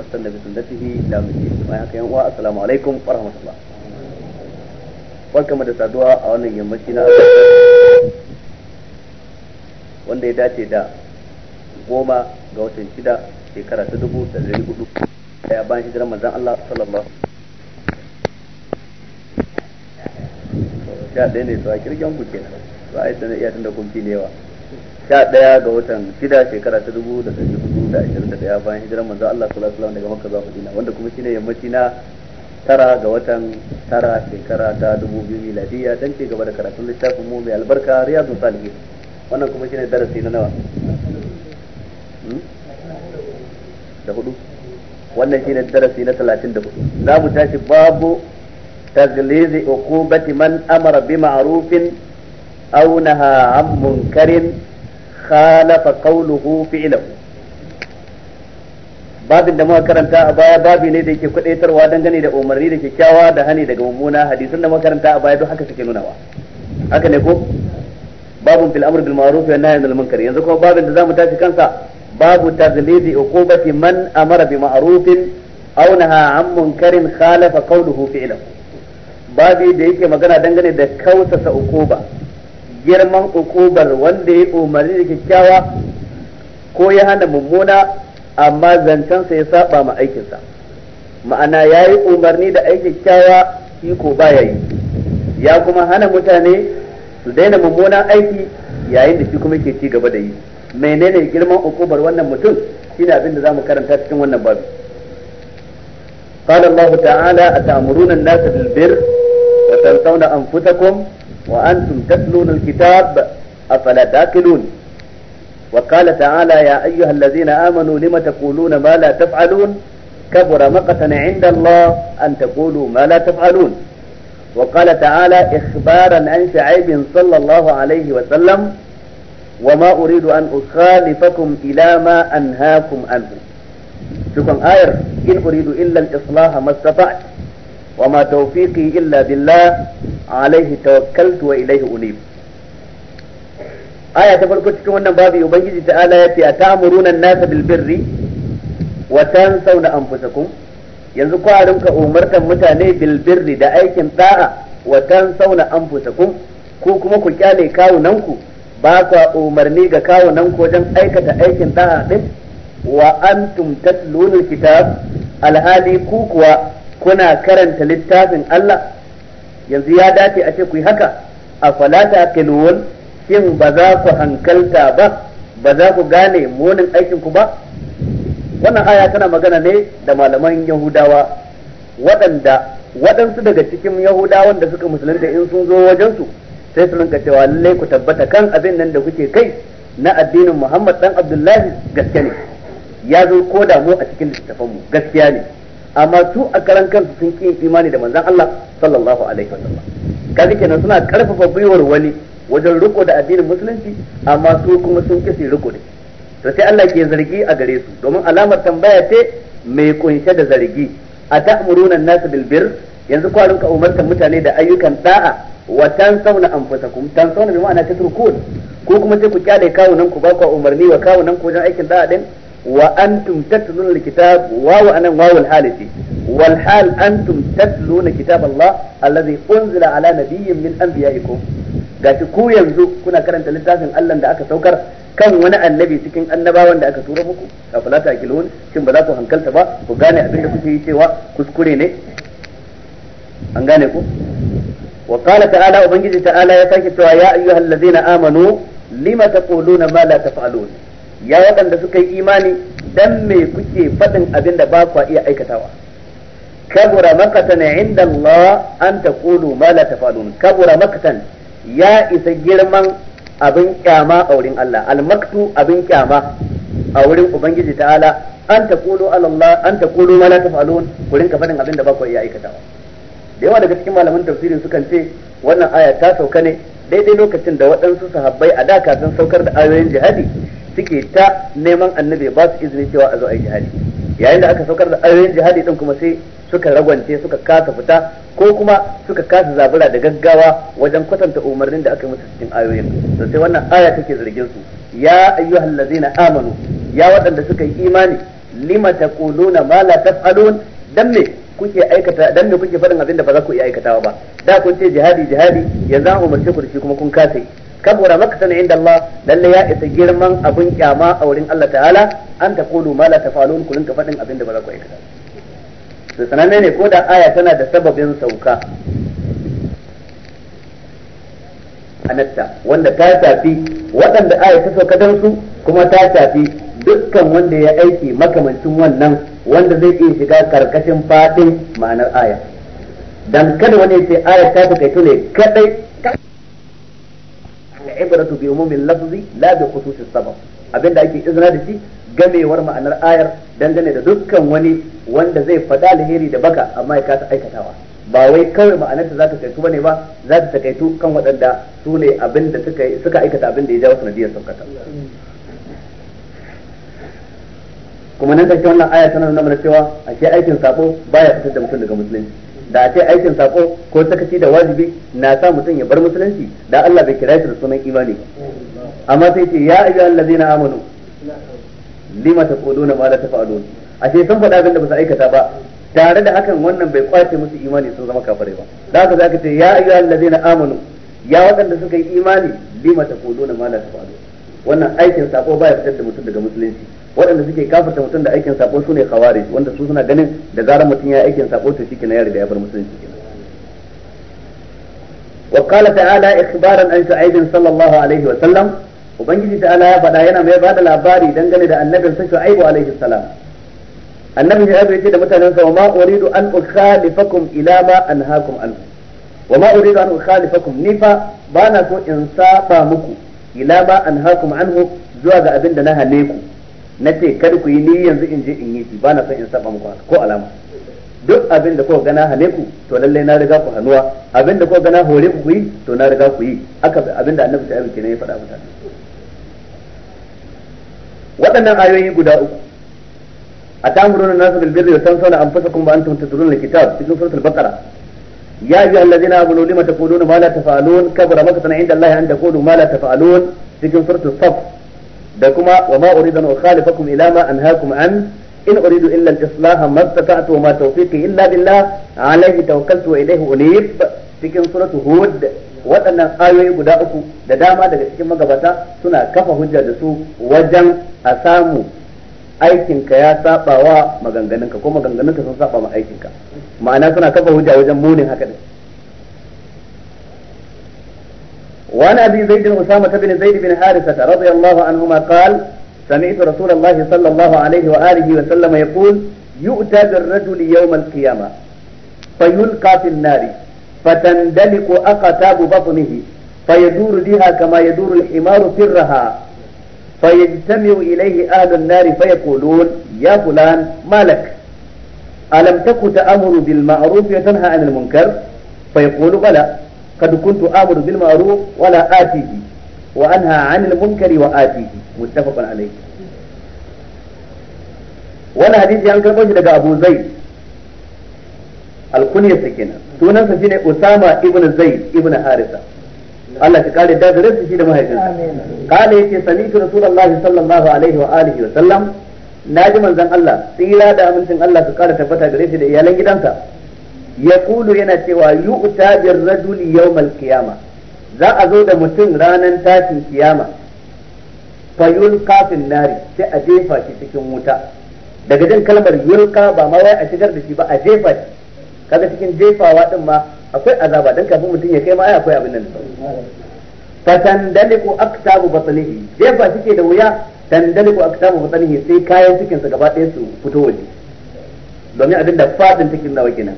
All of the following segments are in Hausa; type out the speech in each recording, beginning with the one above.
واستنى بسنته الى مدين وهكذا ينوى السلام عليكم ورحمة الله barkamu da saduwa a wannan yammaci na wanda ya dace da goma ga watan shida shekara ta dubu da dari hudu ya bayan hijirar manzan Allah sallallahu sha ɗaya ne tsawa kirgin ku kenan ba a yi sanar iya tun da kumfi ne yawa sha ɗaya ga watan shida shekara ta dubu da dari hudu da da ashirin daya bayan hijiran manzo Allah sallallahu alaihi wasallam daga Makka zuwa Madina wanda kuma shine yammaci na tara ga watan tara shekara ta 2000 miladiya dan ce gaba da karatun littafin mu mai albarka riyadu Salihin wannan kuma shine darasi na nawa hmm? da hudu wannan shine darasi na 34 za mu tashi babu تغليظ عقوبة من أمر بمعروف أو نهى عن منكر خالف قوله فعله babin da muka karanta a baya babi ne da yake kwadaitarwa dangane da umarni da kyakkyawa da hani daga mummuna hadisin da muka karanta a baya duk haka suke nunawa haka ne ko babun fil amr bil ma'ruf wa nahy anil munkar yanzu kuma babin da zamu tashi kansa babu tazlidi uqubati man amara bi ma'ruf aw naha an munkarin khalafa qawluhu fi'lahu babi da yake magana dangane da kautasa uquba girman uqubar wanda ya umarni da kyakkyawa ko ya hana mummuna amma zancensa ya saba ma aikinsa ma'ana ya yi umarni da aikin kyawa shi ko ya yi ya kuma hana mutane su daina mummunan aiki yayin da shi kuma ke ci gaba da yi menene girman ukubar wannan mutum shine abin da zamu karanta cikin wannan babu قال الله تعالى أتأمرون الناس بالبر وتنسون أنفسكم وأنتم تتلون الكتاب أفلا تاكلون وقال تعالى يا أيها الذين آمنوا لم تقولون ما لا تفعلون كبر مقتا عند الله أن تقولوا ما لا تفعلون وقال تعالى إخبارا عن شعيب صلى الله عليه وسلم وما أريد أن أخالفكم إلى ما أنهاكم عنه تكون آير إن أريد إلا الإصلاح ما استطعت وما توفيقي إلا بالله عليه توكلت وإليه أنيب aya ta farko cikin wannan babu ubangiji ta'ala ya ce atamuruna an-nasa bil birri wa tansawna anfusakum yanzu ku a rinka umartan mutane bil birri da aikin da'a wa tansawna anfusakum ko kuma ku kyale kawunanku ba ku umarni ga kawunanku wajen aikata aikin da'a din wa antum tatluna kitab alhali ku kuwa kuna karanta littafin Allah yanzu ya dace a ce ku yi haka a falata taqilun shin ba za ku hankalta ba ba za ku gane munin aikin ku ba wannan aya tana magana ne da malaman yahudawa waɗanda waɗansu daga cikin yahudawan da suka musulunta in sun zo wajensu sai su rinka cewa lallai ku tabbata kan abin nan da kuke kai na addinin Muhammad dan Abdullahi gaske ne ya zo ko da mu a cikin mu gaskiya ne amma su a karan kansu sun ki imani da manzon Allah sallallahu alaihi wasallam kaga kenan suna karfafa gwiwar wani wajen riko da addinin musulunci amma su kuma sun kisi riko da to sai Allah ke zargi a gare su domin alamar tambaya ce mai kunshe da zargi a ta'muruna an-nas bil birr yanzu ku rinka umartan mutane da ayyukan da'a wa tansawna anfusakum tansawna bi ma'ana tatrukun ko kuma sai ku kyale kawunan ku ba ku umarni wa kawunan ku wajen aikin da'a din wa antum tatluna alkitab wa wa anan wawul wal hal antum tatluna kitab Allah alladhi unzila ala nabiyyin min anbiya'ikum gashi ku yanzu kuna karanta littafin Allah da aka saukar kan wani annabi cikin annabawan da aka tura muku afala ta akilun shin ba za ku hankalta ba ku gane abin da kuke yi cewa kuskure ne an gane ku wa qala ta'ala ubangiji ta'ala ya sake cewa ya ayyuhal ladzina amanu lima taquluna ma la taf'alun ya waɗanda suka yi imani dan me kuke faɗin abin da ba ku iya aikatawa kabura makatan inda Allah an taqulu ma la taf'alun kabura makatan ya isa girman abin kyama a wurin Allah almaktu abin kyama a wurin ubangiji ta'ala an ta kulu, Allah an taqulu ma la taf'alun ku rinka fadin abin da ba ku iya aikatawa da yawa daga cikin malaman tafsirin sukan ce wannan aya ta sauka ne daidai lokacin da waɗansu sahabbai a da kafin saukar da ayoyin jihadi suke ta neman annabi ba su izini cewa a zo a yi jihadi yayin da aka saukar da ayoyin jihadi din kuma sai suka ragwance suka kasa fita ko kuma suka kasa zabura da gaggawa wajen kwatanta umarnin da aka musu cikin ayoyin to sai wannan aya take zargin su ya ayyuhallazina amanu ya waɗanda suka yi imani lima taquluna ma la taf'alun dan me kuke aikata dan me kuke faɗin abin da ba za ku iya aikatawa ba da kun ce jihadi jihadi yanzu an umarce ku da shi kuma kun kasa kabura makatan inda Allah lalle ya isa girman abin kyama a wurin Allah ta'ala an taqulu ma la taf'alun kun ka faɗin abin da ba za ku aikata to sananne ne ko da aya tana da sababin sauka anatta wanda ta shafi waɗanda aya ta sauka don su kuma ta shafi dukkan wanda ya aiki makamancin wannan wanda zai iya shiga karkashin fadin ma'anar aya dan kada wani ya ce aya ta takaito ne kadai ibaratu bi umumin lafzi la bi khususis sabab abinda ake izina da shi gamewar ma'anar ayar dangane da dukkan wani wanda zai faɗa alheri da baka amma ya kasa aikatawa ba wai kawai ma'anar ta za kaitu bane ba za ta kaitu kan waɗanda su ne abin suka aikata abin da ya jawo sanadiyar saukata kuma nan karshe wannan aya tana nuna mana cewa a ke aikin sako baya fitar da mutum daga musulunci da a ce aikin sako ko sakaci da wajibi na sa mutum ya bar musulunci da Allah bai kira shi da sunan imani amma sai ce ya ayyuhal ladina amanu lima mala ta la a ce san faɗa abin da ba su aikata ba tare da hakan wannan bai kwace musu imani sun zama kafare ba da haka zaka ce ya ayyuhal allazina amanu ya waɗanda suka yi imani lima na mala ta tafalun wannan aikin sako baya fitar da mutum daga musulunci waɗanda suke kafarta mutum da aikin sako ne khawarij wanda su suna ganin da zarar mutum ya aikin sako to kenan ya riga ya bar musulunci kenan وقال تعالى إخبارا عن سعيد صلى الله عليه وسلم ubangiji ta ala ya faɗa yana mai bada labari dangane da annabin sa shu'aibu alaihi salam annabi ya yace da mutanen sa ma uridu an ukhalifakum ila ma anhaakum an wa ma uridu an ukhalifakum ni fa bana so in saba muku ila ma anhaakum anhu zuwa ga abin da na hane ku nace kada ku yi ni yanzu in je in yi shi bana so in saba muku ko alama duk abin da kuka gana hane ku to lallai na riga ku hanuwa abin da kuka gana hore ku yi to na riga ku yi aka abin da annabi ta yi kenan ya faɗa mutane waɗannan ayoyi guda uku a atamuruna nasu bil birri wa tansawna anfusakum wa antum tatluna al-kitab cikin suratul baqara ya ayyuha allazina amanu ta kudu ma la taf'alun kabara makatan inda allahi an kudu ma la taf'alun cikin suratul saf da kuma wa ma uridu an khalifakum ila ma anhaakum an in uridu illa al-islaha ma istata'tu wa ma tawfiqi illa billah alayhi tawakkaltu wa ilayhi unib cikin suratul hud waɗannan ayoyi guda uku da dama daga cikin magabata suna kafa hujja da su wajen a samu aikinka ya saba wa maganganunka ko maganganunka sun saba ma aikinka ma'ana suna kafa hujja wajen munin haka ne وعن ابي زيد اسامه بن زيد بن حارثه رضي الله عنهما قال سمعت رسول الله صلى الله عليه واله وسلم يقول يؤتى بالرجل يوم القيامه فيلقى في النار فتندلق أقتاب بطنه فيدور بها كما يدور الحمار فرها فيجتمع إليه أهل النار فيقولون يا فلان ما لك ألم تك تأمر بالمعروف وتنهى عن المنكر فيقول بلى قد كنت آمر بالمعروف ولا آتيه وأنهى عن المنكر وآتيه متفق عليه ولا حديث عن كربوش لك أبو زيد alkunyar sa kenan sunan shine Usama ibn Zaid ibn Harisa Allah ka kare daga shi da mahaifinsa kale yake sami'tu rasulullahi sallallahu alaihi wa alihi wa sallam naji manzon Allah tsira da amincin Allah ka kare tabbata gare shi da iyalan gidansa yaqulu yana cewa yu'ta bir rajuli yawmal qiyamah za a zo da mutum ranar tashin kiyama fayul kafin nari sai a jefa shi cikin wuta daga jin kalmar yulka ba ma wai a shigar da shi ba a jefa shi kaga cikin jefawa din ma akwai azaba dan kafin mutum ya kai ma ai akwai abin nan fatandaliku aktabu batnihi jefa suke da wuya tandaliku aktabu batnihi sai kayan cikin sa gaba ɗaya su fito waje domin abin da fadin cikin nawa kenan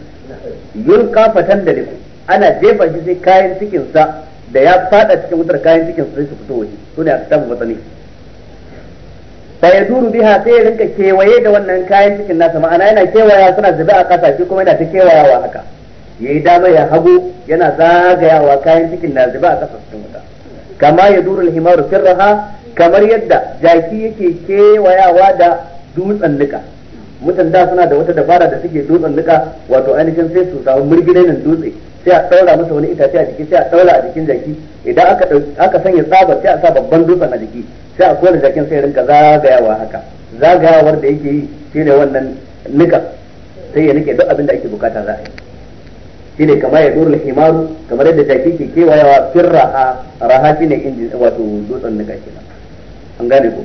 yulqa fatandaliku ana jefa shi sai kayan cikin sa da ya fada cikin wutar kayan cikin sa sai su fito waje sune aktabu batnihi fa yaduru biha sai ya rinka kewaye da wannan kayan cikin nasa ma'ana yana kewaya suna zube a kasa shi kuma yana ta kewayawa haka yayi dama ya hago yana zagayawa kayan cikin na zube a kasa cikin wuta kama yaduru al-himaru sirraha kamar yadda jaki yake kewayawa da dutsen nika mutan da suna da wata dabara da suke dutsen nika wato ainihin sai su samu nan dutse sai a daura masa wani itace a jiki sai a daura a jikin jaki idan aka aka sanya tsabar sai a sa babban dutsen a jiki sai a kowane jakin sai rinka zagayawa haka zagayawar da yake yi shi ne wannan nika sai ya nike duk abin da ake bukata za a yi shi ne kamar ya dora himaru kamar yadda jaki ke kewayawa firra a raha shi ne inji wato dutsen nika kenan an gane ko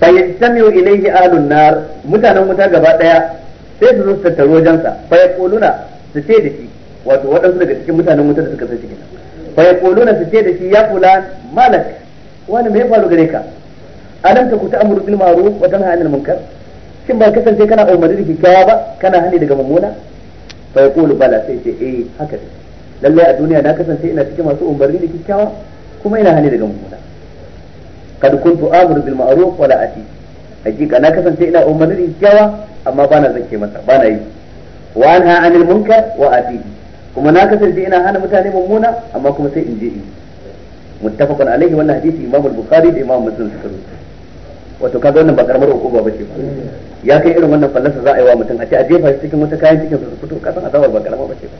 fayyajtamiu ilayhi alun nar mutanen wuta gaba daya sai su zo su tattaro wajen sa fayaquluna su ce da shi wato waɗansu daga cikin mutanen wuta da suka sace shi kenan fayaquluna su ce da shi ya fulan malak wani me faru gare ka alam ta kuta amuru bil ma'ruf wa tanha 'anil munkar shin ba ka kasance kana umarni da kikkiawa ba kana hani daga mamuna fa yaqulu bala sai ce eh haka dai lallai a duniya na kasance ina cikin masu umarni da kikkiawa kuma ina hani daga mamuna kad kuntu amuru bil ma'ruf wa la ati hakika na kasance ina umarni da kikkiawa amma bana zake masa bana yi wa anha 'anil munkar wa ati kuma na kasance ina hana mutane mamuna amma kuma sai in je in muttafaqun alaihi wannan hadisi Imam al-Bukhari da Imam Muslim suka rubuta wato kaga wannan ba karamar hukuma bace ba ya kai irin wannan fallasa za a yi wa mutum a ce a jefa shi cikin wata kayan cikin su fito kasan azabar ba karama ce ba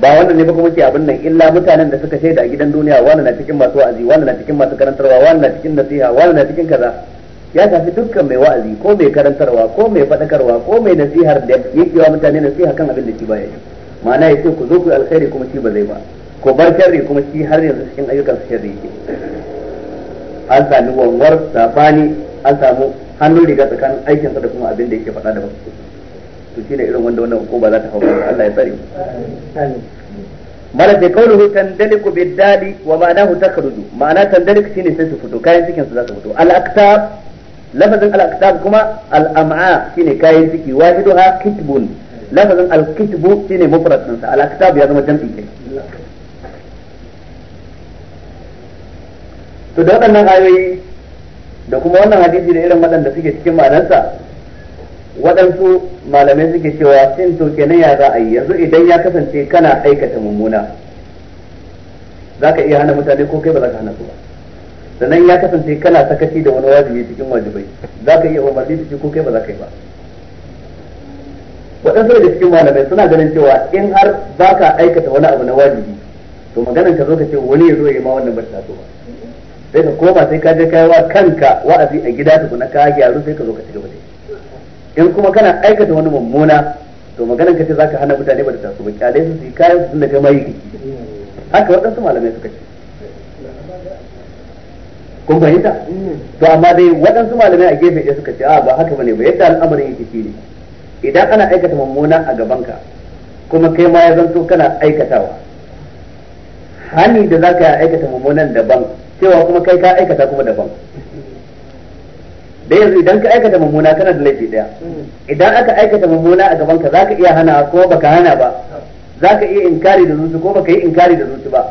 ba wannan ne ba kuma ce abin nan illa mutanen da suka shaida a gidan duniya wani na cikin masu wa'azi wani na cikin masu karantarwa wani na cikin nasiha wani na cikin kaza ya shafi dukkan mai wa'azi ko mai karantarwa ko mai fadakarwa ko mai nasihar da yake wa mutane nasiha kan abin da shi ba ya yi ma'ana ya ce ku zo ku alkhairi kuma shi ba zai ba ko bar sharri kuma shi har yanzu cikin ayyukan sharri yake an sami wanwar sabani an samu hannun riga tsakanin aikinsa da kuma abin da yake faɗa da ba to shine irin wanda wannan ko ba za ta hauka Allah ya tsare mu mala sai kauluhu tandaliku biddadi wa ma'ana ma'anahu takhruju ma'ana tandaliku shine sai su fito kayan cikin su za su fito al-aktab lafazin al-aktab kuma al-am'a shine kayan ciki wahiduha kitbun lafazin al-kitbu shine mufrad din sa al-aktab ya zama jam'i to da waɗannan ayoyi da kuma wannan hadisi da irin waɗanda suke cikin ma'anarsa waɗansu malamai suke cewa sin to kenan ya za a yi yanzu idan ya kasance kana aikata mummuna za ka iya hana mutane ko kai ba za ka hana su ba sannan ya kasance kana sakaci da wani wajibi cikin wajibai za ka iya umarni da shi ko kai ba za ka yi ba waɗansu da cikin malamai suna ganin cewa in har ba ka aikata wani abu na wajibi to maganar ka zo ka ce wani ya zo ya yi ma wannan ba ta so ba sai ka koma sai ka je kai wa kanka wa'azi a gida tukuna ka gyaru sai ka zo ka ci gaba da in kuma kana aikata wani mummuna to ce za zaka hana mutane ba da tasu ba kyale su su kayan su da kai yi haka waɗansu malamai suka ce kun fahimta to amma dai waɗansu malamai a gefe suka ce a ba haka bane ba yadda al'amarin yake shi ne idan ana aikata mummuna a gabanka kuma kai ma ya zanto kana aikatawa hani da zaka aikata mummunan daban cewa kuma kai ka aikata kuma daban da yanzu idan ka aikata mummuna kana da laifi daya idan aka aikata mummuna a gaban ka zaka iya hana ko baka hana ba zaka iya inkari da zuci ko baka yi inkari da zuci ba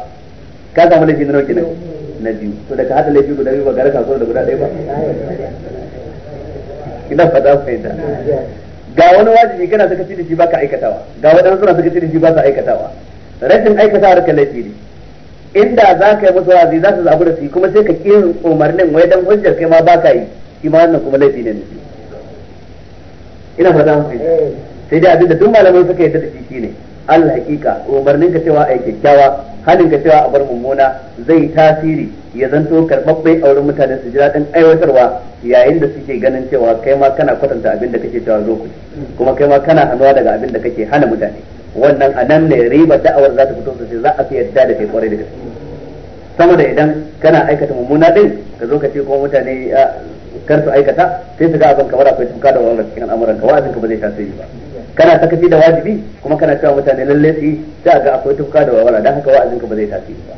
ka samu laifi na nawa na biyu to daga haɗa hada laifi guda biyu ba gara kasuwar da guda ɗaya ba ina fata fahimta ga wani wajibi kana saka da shi baka aikatawa ga wadansu na sakaci da shi ba sa aikatawa rashin aikatawar ka laifi ne inda za ka yi musu wazi za su zaɓu da su kuma sai ka ƙi umarnin wai dan hujjar kai ma ba ka yi shi ma kuma laifi ne ina fata fi eh. sai dai abinda duk malamai suka yadda da shi shine al hakika umarnin ka cewa a yi kyakkyawa halin ka cewa a bar mummuna zai tasiri ya zanto karɓaɓɓe a wurin mutane su ji daɗin aiwatarwa yayin da suke ganin cewa kai ma kana kwatanta abin da kake cewa zo kuma kai ma kana hannuwa daga abin da kake hana mutane wannan a nan ne ribar da'awar za ta fito sosai za a fi yadda da kai kwarai da gaske sama da idan kana aikata mummuna din ka zo ka ce kuma mutane kar su aikata sai su ga abin kamar akwai tuka da wannan cikin al'amuran ka wa'azin ka ba zai tasiri ba kana sakaci da wajibi kuma kana cewa mutane lalle su yi sai ga akwai tuka da wawala dan haka wa'azin ka ba zai tasiri ba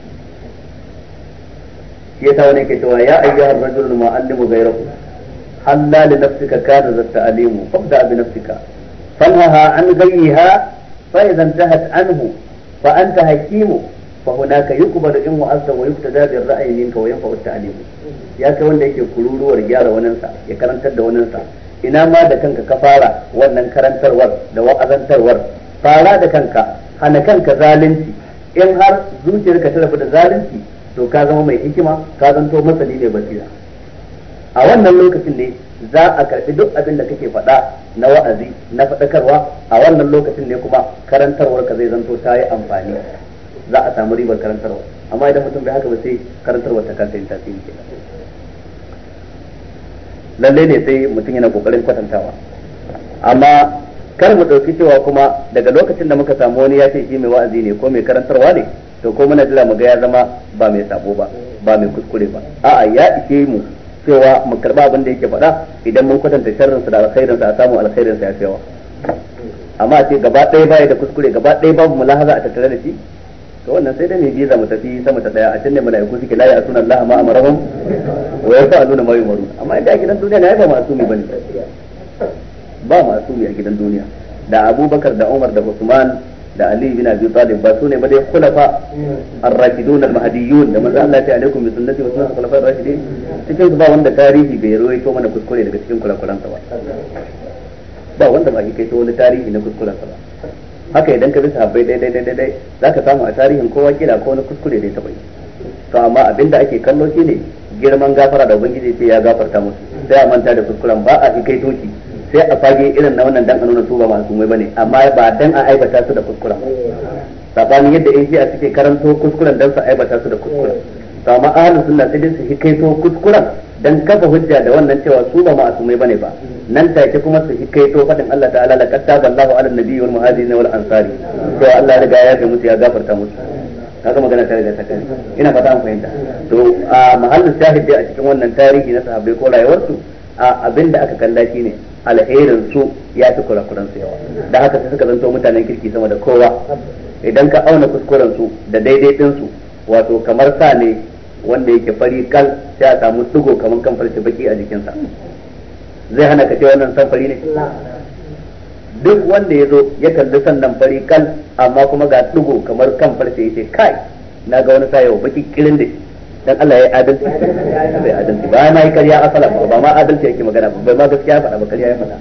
shi yasa wani yake cewa ya ayyuhar rajul mu'allimu ghayrahu halla li nafsika kana zatta alimu fabda bi nafsika fanhaha an ghayyiha فإذا انتهت عنه فأنت حكيم فهناك يقبل إن وعظت ويقتدى بالرأي منك وينفع التعليم يا كون da yake kururuwar gyara waninsa ya karantar da waninsa ina ma da kanka ka fara wannan karantarwar da wa'azantarwar fara da kanka hana kanka zalunci in har zuciyarka ta rabu da zalunci to ka zama mai hikima ka zanto masani ne basira a wannan lokacin ne za a karɓi duk abin da kake faɗa na wa'azi na faɗakarwa a wannan lokacin ne kuma karantarwar ka zai zanto ta yi amfani za a samu ribar karantarwa amma idan mutum bai haka ba sai karantarwar ta kanta yin tasiri ke lalle ne sai mutum yana kokarin kwatantawa amma kar mu ɗauki cewa kuma daga lokacin da muka samu wani ya ce shi mai wa'azi ne ko mai karantarwa ne to ko muna jira mu ga ya zama ba mai sabo ba ba mai kuskure ba a'a ya ishe mu cewa mu karba abin da yake faɗa idan mun kwatanta sharrin sa da alkhairin sa a samu alkhairin sa ya fiyawa amma sai gaba ɗaya bai da kuskure gaba ɗaya babu mulahaza a tattare da shi to wannan sai dai mai biza mu tafi sama ta daya a can ne malaiku suke la sunan Allah ma amarahum wa yaf'aluna ma yumarun amma idan a gidan duniya na ba masumi bane ba masumi a gidan duniya da Abubakar da Umar da Usman da Ali bin Abi Talib ba sune ba dai khulafa ar-rashidun al mahdiyyun da manzo Allah ya alaikum bi sunnati wa sunnati khulafa ar-rashidin cikin ba wanda tarihi bai rawaito mana kuskure daga cikin kurakuran sa ba ba wanda ba kai to wani tarihi na kuskuren sa ba haka idan ka bi sahabbai dai dai dai dai zaka samu a tarihin kowa kila ko wani kuskure dai ta bai to amma abinda ake kallo shine girman gafara da ubangiji ce ya gafarta musu sai a manta da kuskuren ba a kai toki sai a fage irin na wannan dan a nuna su ba masu mai bane amma ba dan a aibata su da kuskura sabanin yadda in ji a suke karanto kuskuren dan su aibata su da kuskura to amma ahlus sunna sai dai su to kuskuren dan kafa hujja da wannan cewa su ba masu mai bane ba nan take kuma su to fadin Allah ta'ala la qattaba Allahu ala nabiyyi wal muhajirin wal ansari to Allah ya ga ya ga mutu ya gafarta musu kaga magana ta da ta ina fata an fahimta to a mahallin shahid dai a cikin wannan tarihi na sahabbai ko su a abin da aka kalla shine alherin su ya fi kurakuran su yawa da haka sai suka zanto mutanen kirki sama da kowa idan ka auna kuskuren su da daidai din su wato kamar sa ne wanda yake fari kal sai a samu dugo kamar kan farce baki a jikinsa zai hana ka ce wannan san fari ne duk wanda ya zo ya kalli sannan fari kal amma kuma ga dugo kamar kan farce yace kai na ga wani sayawa baki kirin da shi dan Allah ya adalci ya adalci ba ma yi ƙarya asala ba ba ma adalci yake magana ba ma gaskiya faɗa ba ƙarya ya faɗa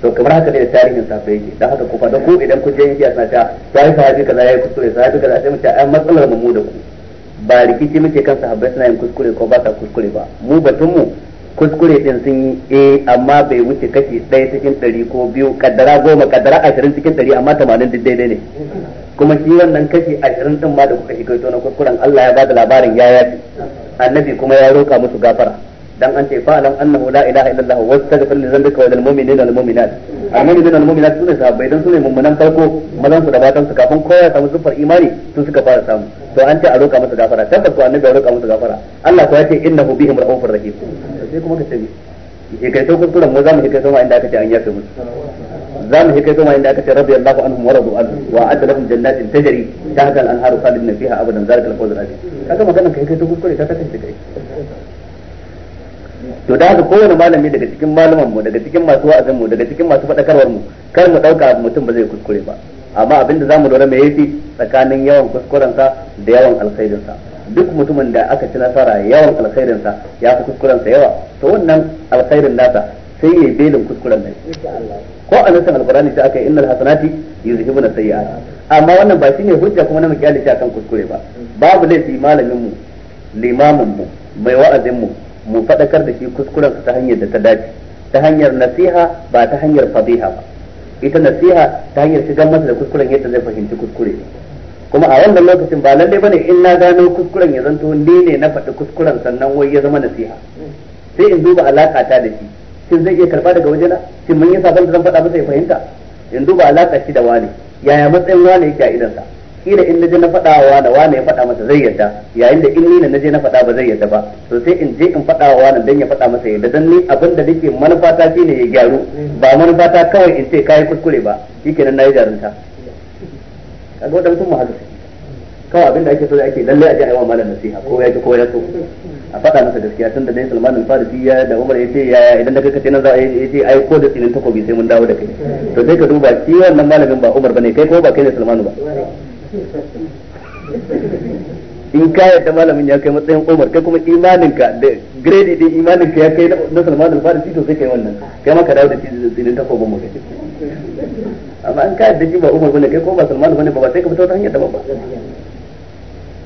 to kamar haka ne da tarihin safa yake dan haka ko fata ko idan ku je yake suna ta sai sahabi kaza yayi kuskure sahabi kaza sai mu ce ai matsalar mu da ku ba rikici muke kan sahabbai suna yin kuskure ko ba ta kuskure ba mu batun mu kuskure din sun yi eh amma bai wuce kashi ɗaya cikin ɗari ko biyu kaddara goma kaddara ashirin cikin ɗari amma tamanin duk daidai ne kuma shi wannan kashi ashirin din ma da kuka shiga na kuskuren Allah ya bada labarin ya yafi annabi kuma ya roka musu gafara dan an ce fa'alam annahu la ilaha illallah astaghfir li dhanbika wa lil mu'minina wal mu'minat al-mu'minina al mu'minat sa bai dan sune mummunan farko mazan su da matan su kafin koya samu sufar imani su suka fara samu to an ce a roka musu gafara tabbas ko annabi ya roka musu gafara Allah ko ya ce innahu bihim ra'ufur rahim sai kuma ka tabi shi kai to kuskuren mu zamu kai sama inda aka ce an yafe musu zamu kai sama inda aka ce allahu anhum wa radu an wa adda lahum jannatin tajri tahta al-anharu khalidina fiha abadan zalika al-fawz al-azim kaga magana kai kai to kuskure ka kasance kai to da haka kowane malami daga cikin malaman mu daga cikin masu wa'azin mu daga cikin masu fadakarwar mu kar mu dauka mutum ba zai kuskure ba amma abinda zamu lura me yafi tsakanin yawan kuskuren sa da yawan alkhairin sa duk mutumin da aka ci nasara yawan alkhairinsa ya fi kuskurensa yawa to wannan alkhairin nasa sai yayi belin kuskuren nan ko a nasan alkurani sai aka yi innal hasanati yuzhibuna sayyi'at amma wannan ba shine hujja kuma na mukiyali shi akan kuskure ba babu laifi malamin mu limamin mu mai wa'azin mu mu fadakar da shi kuskuren ta hanyar da ta dace ta hanyar nasiha ba ta hanyar fadiha ba ita nasiha ta hanyar shigar masa da kuskuren yadda zai fahimci kuskure kuma a wannan lokacin ba lallai bane in na gano kuskuren ya zanto ni ne na faɗi kuskuren sannan wai ya zama nasiha sai in duba alaƙa ta da shi shin zai iya karɓa daga wajena shin mun yi sabon da zan faɗa masa ya fahimta in duba alaƙa shi da wani yaya matsayin wani yake a idan sa kila in naje na faɗa wa wani wani ya faɗa masa zai yarda yayin da in ni na naje na faɗa ba zai yarda ba to sai in je in faɗa wa wani dan ya faɗa masa yadda dan ni abin da nake manufata shine ya gyaru ba manufata kawai in ce kai kuskure ba shikenan nayi jarunta kaga wadan sun ma'azu kawai abinda ake so da ake lalle a ji aiwa malam nasiha ko ya ki ko ya so a faɗa masa gaskiya tunda dai Salman al-Farisi ya da Umar ya ce ya idan da kaka ce nan za a yace ai ko da tsinin takobi sai mun dawo da kai to sai ka duba shi wannan malamin ba Umar bane kai ko ba kai ne Salman ba in ka yadda malamin ya kai matsayin Umar kai kuma imaninka da grade din imaninka ya kai na Salman al-Farisi to sai kai wannan kai ma ka dawo da tsinin takobin mu kai amma an ka da shi ba Umar bane kai ko ba Salman bane ba ba sai ka fito ta hanyar daban ba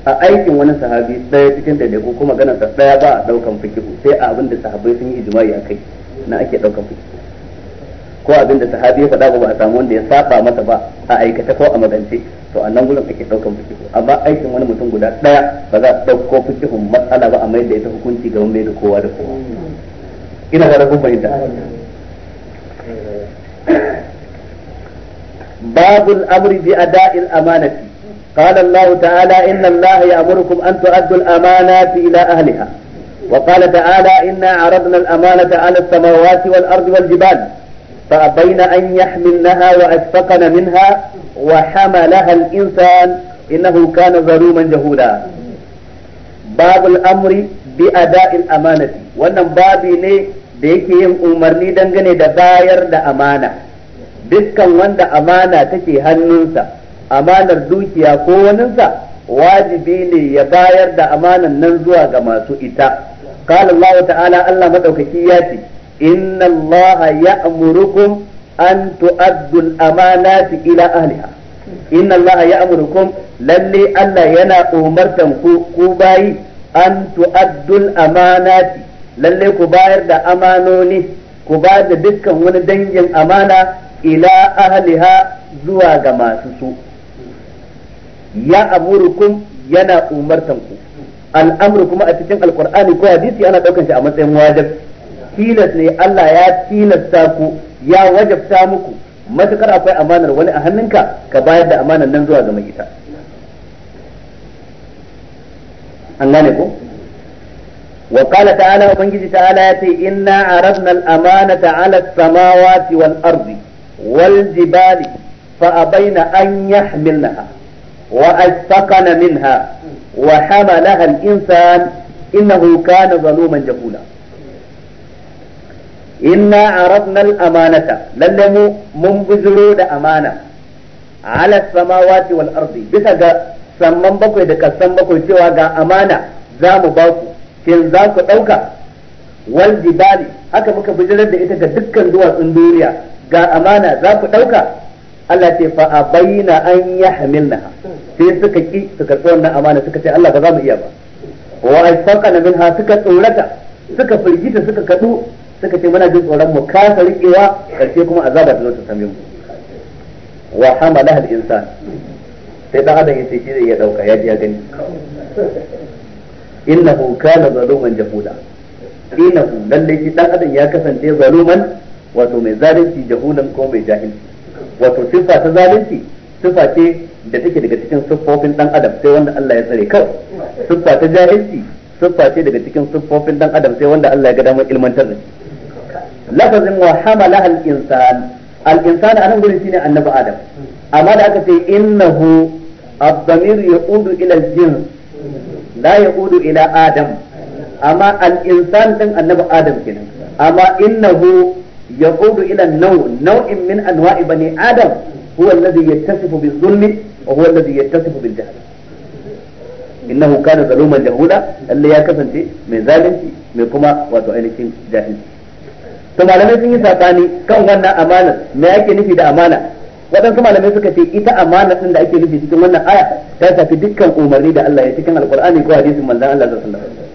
a aikin wani sahabi daya cikin daidaiku ko ganin sa daya ba a daukan fikihu sai a abin da sahabbai sun yi ijma'i kai, na ake daukan fikihu ko abin da sahabi ya faɗa ba ba a samu wanda ya saba masa ba a aikata ko a magance to a nan gurin ake daukan fikihu amma aikin wani mutum guda daya ba za a dauko fikihun matsala ba a mai da ita hukunci ga wanda da kowa da kowa ina ga rabon fahimta باب الأمر بأداء الأمانة قال الله تعالى إن الله يأمركم أن تؤدوا الأمانات إلى أهلها وقال تعالى إنا عرضنا الأمانة على السماوات والأرض والجبال فأبين أن يحملنها وأشفقن منها وحملها الإنسان إنه كان ظلوما جهولا باب الأمر بأداء الأمانة وأن بابي ne da yake yin umarni dangane da bayar da amana dukkan wanda amana take hannunsa amanar dukiya ko waninsa wajibi ne ya bayar da amanan nan zuwa ga masu ita qala Allah ta'ala Allah madaukaki ya ce inna Allah ya'murukum an tu'addu al-amanati ila ahliha inna Allah ya'murukum lalle Allah yana umartan ku ku bayi an tu'addu al-amanati lalle ku bayar da amanoni ku ba da dukkan wani dangin amana ila ahliha zuwa ga masu so ya amurukum yana umartan ku al'amru kuma a cikin alqur'ani ko hadisi ana daukan shi a matsayin wajib tilas ne Allah ya tilasta ku ya wajabta muku matukar akwai amanar wani a hannunka ka bayar da amanar nan zuwa ga mai ita an gane ko wa qala ta'ala ubangiji ta'ala ya ce inna aradna al-amanata 'ala as-samawati wal ardi والجبال فأبين أن يحملنها وأشفقن منها وحملها الإنسان إنه كان ظلوما جهولا إنا عرضنا الأمانة لنمو من بزرود أمانة على السماوات والأرض بسجا سمم بكوي دكا سمم بكوي سوى أمانة زام باكو shin za ku ɗauka wal jibali haka muka bijirar da ita ga dukkan duwatsun duniya ga amana za ku ɗauka Allah ce fa abaina an ya ha sai suka ki su karɓi wannan amana suka ce Allah ba za mu iya ba wa a asfaqana minha suka tsorata suka firgita suka kadu suka ce muna jin tsoron mu kasa riƙewa karshe kuma azaba ta zo ta same mu wa hamala al insan sai dan adam yace shi zai iya dauka ya ji ya gani innahu kana zaluman jahuda innahu lalle shi dan adam ya kasance zaluman wato mai zalunci jahulan ko mai jahilci wato siffa ta zalunci siffa ce da take daga cikin siffofin dan adam sai wanda Allah ya tsare kawai siffa ta jahilci siffa ce daga cikin siffofin dan adam sai wanda Allah ya ga damar ilmantar da shi lafazin wa hamala al insan al insan anan gurin shine annabi adam amma da aka ce innahu ila al إلى la لا ila adam amma al insan din annabi adam kenan amma innahu يقود إلى النوع نوع من أنواع بني آدم هو الذي يتصف بالظلم وهو الذي يتصف بالجهل إنه كان ظلوما جهولا اللي يكفن شيء من ظالم من كما وتعين جاهل to malamai sun yi sabani kan wannan amana me ake nufi da amana waɗansu malamai suka ce ita amana din da ake nufi cikin wannan aya ta shafi dukkan umarni da Allah ya cikin alkur'ani ko hadisi manzon Allah sallallahu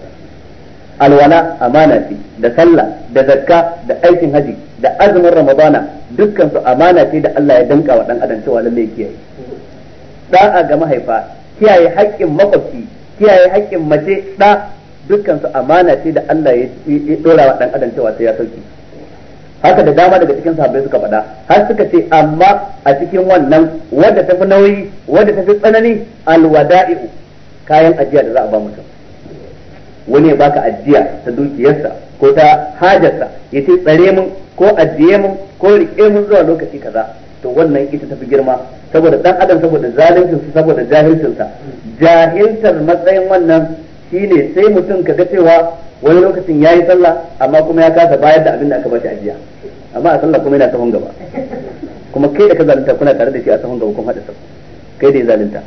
alwala amana ce da sallah da zakka da aikin haji da azumin ramadana dukkan su amana ce da Allah ya danka wa dan adam cewa lalle kiyaye a ga mahaifa kiyaye haƙƙin makwabci kiyaye haƙƙin mace da dukkan su amana ce da Allah ya dora wa dan adam cewa sai ya sauki haka da dama daga cikin sahabbai suka faɗa har suka ce amma a cikin wannan wanda tafi nauyi wanda tafi tsanani alwada'i'u kayan ajiya da za a ba mutum wani ya baka ajiya ta dukiyarsa ko ta hajarsa ya ce tsare mun ko ajiye mun ko rike mun zuwa lokaci kaza to wannan ita tafi girma saboda dan adam saboda zalincin sa saboda jahilcin sa jahiltar matsayin wannan shine sai mutum ka ga cewa wani lokacin yayi sallah amma kuma ya kasa bayar da abin da aka bashi ajiya amma a sallah kuma yana sahun gaba kuma kai da ka zalunta kuna tare da shi a sahun gaba kun hada sa kai da ya zalunta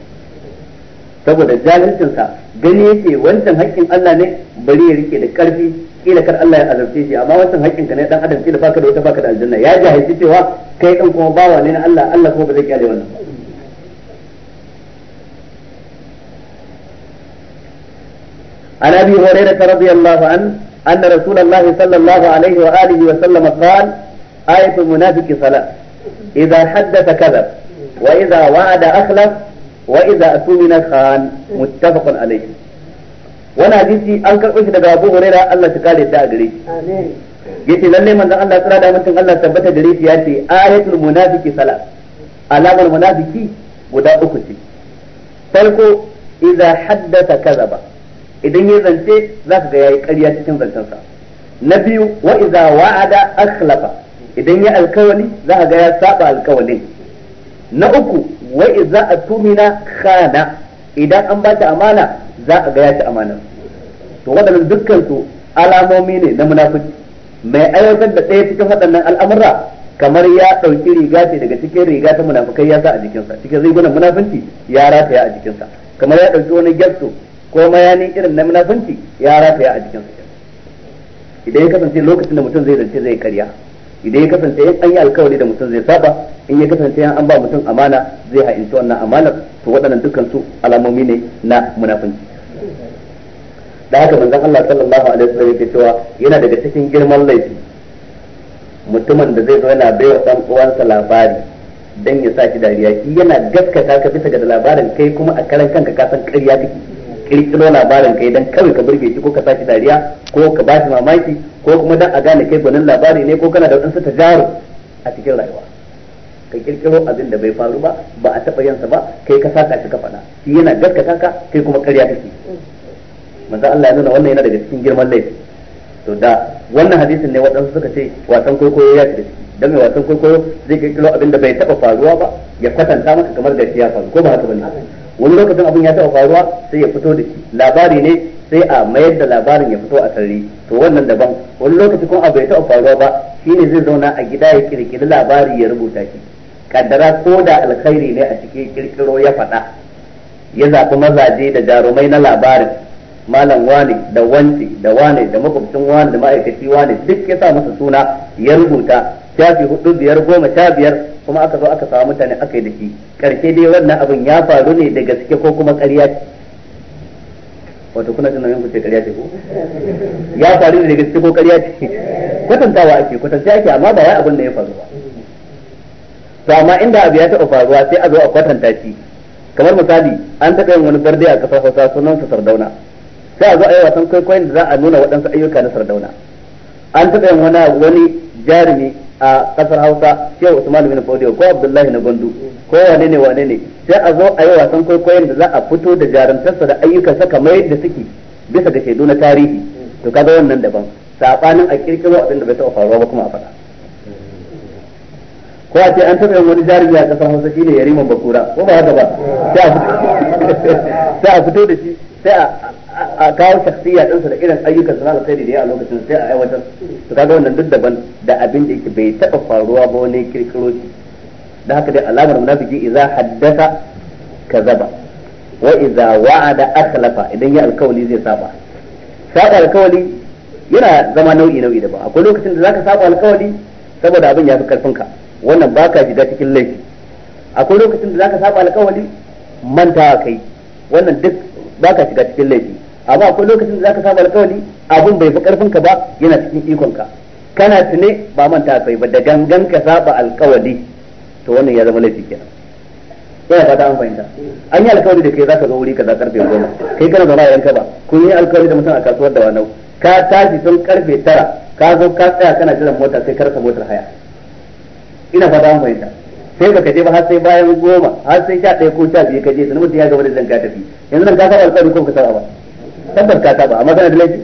saboda jahilcinsa gani yake wancan haƙƙin Allah ne bari ya rike da ƙarfi kila kar Allah ya azabce shi amma wancan haƙƙin ka ne dan adam kila baka da wata baka da aljanna ya jahilci cewa kai dan kuma bawa ne na Allah Allah kuma ba zai kyale wannan عن ابي هريره رضي الله عنه ان رسول الله صلى الله عليه واله وسلم قال آية المنافق صلاة إذا حدث كذب وإذا وعد أخلف wa idza asumina khan muttafaqun alayhi wannan hadisi an karɓo shi daga Abu Hurairah Allah ta kare ta a gare shi amin yace lalle manzan Allah tsara da mutum Allah tabbata gare shi yace ayatul munafiki sala alamar munafiki guda uku ce farko idza haddatha kazaba idan ya zance zaka ga yayi ƙarya cikin zancensa na biyu wa idza wa'ada akhlafa idan ya alkawali zaka ga ya saba alkawalin na uku wa idza atumina khana idan an ba ta amana za a ga ya ci amana to waɗannan dukkan su alamomi ne na munafiki mai aiwatar da ɗaya cikin waɗannan al'amura kamar ya ɗauki riga ce daga cikin riga ta munafukai ya sa a jikinsa cikin rigunan munafunci ya rataya a jikinsa kamar ya ɗauki wani gyatso ko mayani irin na munafunci ya rataya a jikinsa idan ya kasance lokacin da mutum zai zance zai karya idan ya kasance yan an yi alkawari da mutum zai saba in ya kasance yan an ba mutum amana zai ha'inci wannan amanar to waɗannan dukkan su alamomi ne na munafunci da haka manzon Allah sallallahu alaihi wasallam yake cewa yana daga cikin girman laifi mutumin da zai zo yana baiwa dan uwansa labari dan ya sa shi dariya shi yana gaskata ka bisa ga labarin kai kuma a karan kanka ka san ƙarya kake kirkiro labarin kai dan kawai ka burge shi ko ka saki dariya ko ka ba shi mamaki ko kuma dan a gane kai gwanin labari ne ko kana da wadansu jaro a cikin rayuwa ka kirkiro abin da bai faru ba ba a taba yansa ba kai ka saka shi ka faɗa shi yana gaskata ka kai kuma ƙarya kake manzo Allah ya nuna wannan yana daga cikin girman laifi to da wannan hadisin ne waɗansu suka ce wasan kwaikwayo ya shiga ciki dan mai wasan kwaikwayo zai kirkiro abin da bai taba faruwa ba ya kwatanta maka kamar da shi ya faru ko ba haka bane wani lokacin abin ya taɓa faruwa sai ya fito da shi labari ne sai a mayar da labarin ya fito a sarari to wannan daban wani lokaci kuma abu ya taɓa faruwa ba shi ne zai zauna a gida ya kirkiri labari ya rubuta shi kaddara ko da alkhairi ne a cikin kirkiro ya faɗa ya zaɓi mazaje da jarumai na labarin malam wani da wance da wani da makwabcin wani da ma'aikaci wani duk ya sa masa suna ya rubuta shafi hudu biyar goma sha biyar kuma aka zo aka samu mutane aka yi da shi karshe dai wannan abin ya faru ne da gaske ko kuma ƙarya ce wato kuna jin nauyin kuce ƙarya ce ko ya faru ne da gaske ko ƙarya ce kwatantawa ake kwatance ake amma ba wai abin da ya faru ba to amma inda abu ya taɓa faruwa sai a zo a kwatanta shi kamar misali an taɓa yin wani barde a ƙasar Hausa sa Sardauna sai a zo a yi wasan kwaikwayon da za a nuna waɗansu ayyuka na sardauna an taɓa yin wani wani jarumi a ƙasar hausa shehu usman bin fodiyo ko abdullahi na gondu ko wane ne wane ne sai a zo a yi wasan kwaikwayon da za a fito da jarumtarsa da ayyukansa kamar yadda suke bisa ga shaidu na tarihi to kaga wannan daban sabanin a kirkiro abin da bai taɓa faruwa ba kuma a faɗa ko a ce an taɓa yin wani jarumi a ƙasar hausa shine yariman bakura ko ba haka ba sai a fito da shi sai a a kawo shakhsiyya din da irin ayyukan su na alkhairi da ya a lokacin sai a aiwatar to kaga wannan duk daban da abin da yake bai taba faruwa ba wani kirkiro shi da haka dai alamar munafiki idza haddasa kazaba wa idza wa'ada akhlafa idan ya alkawali zai saba saba alkawali yana zama nau'i nau'i da ba akwai lokacin da zaka saba alkawali saboda abin ya fi karfin ka wannan baka shiga cikin laifi akwai lokacin da zaka saba alkawali mantawa kai wannan duk baka shiga cikin laifi amma akwai lokacin da zaka samu alkawari abun bai fi karfin ka ba yana cikin ikon ka kana tune ba manta kai ba da gangan ka saba alkawari to wannan ya zama laifi kenan ina fata an fahimta an yi alkawari da kai zaka zo wuri kaza karfe goma kai kana zauna a ka ba kun yi alkawari da mutum a kasuwar da wani ka tashi tun karfe tara ka zo ka tsaya kana jiran mota sai karka motar haya ina fata an fahimta sai baka je ba har sai bayan goma har sai sha ɗaya ko sha biyu ka je sanar mutum ya gaba da zan ka tafi yanzu nan ka saba alkawari ko ka saba ba tabbas ka saba amma kana da laifi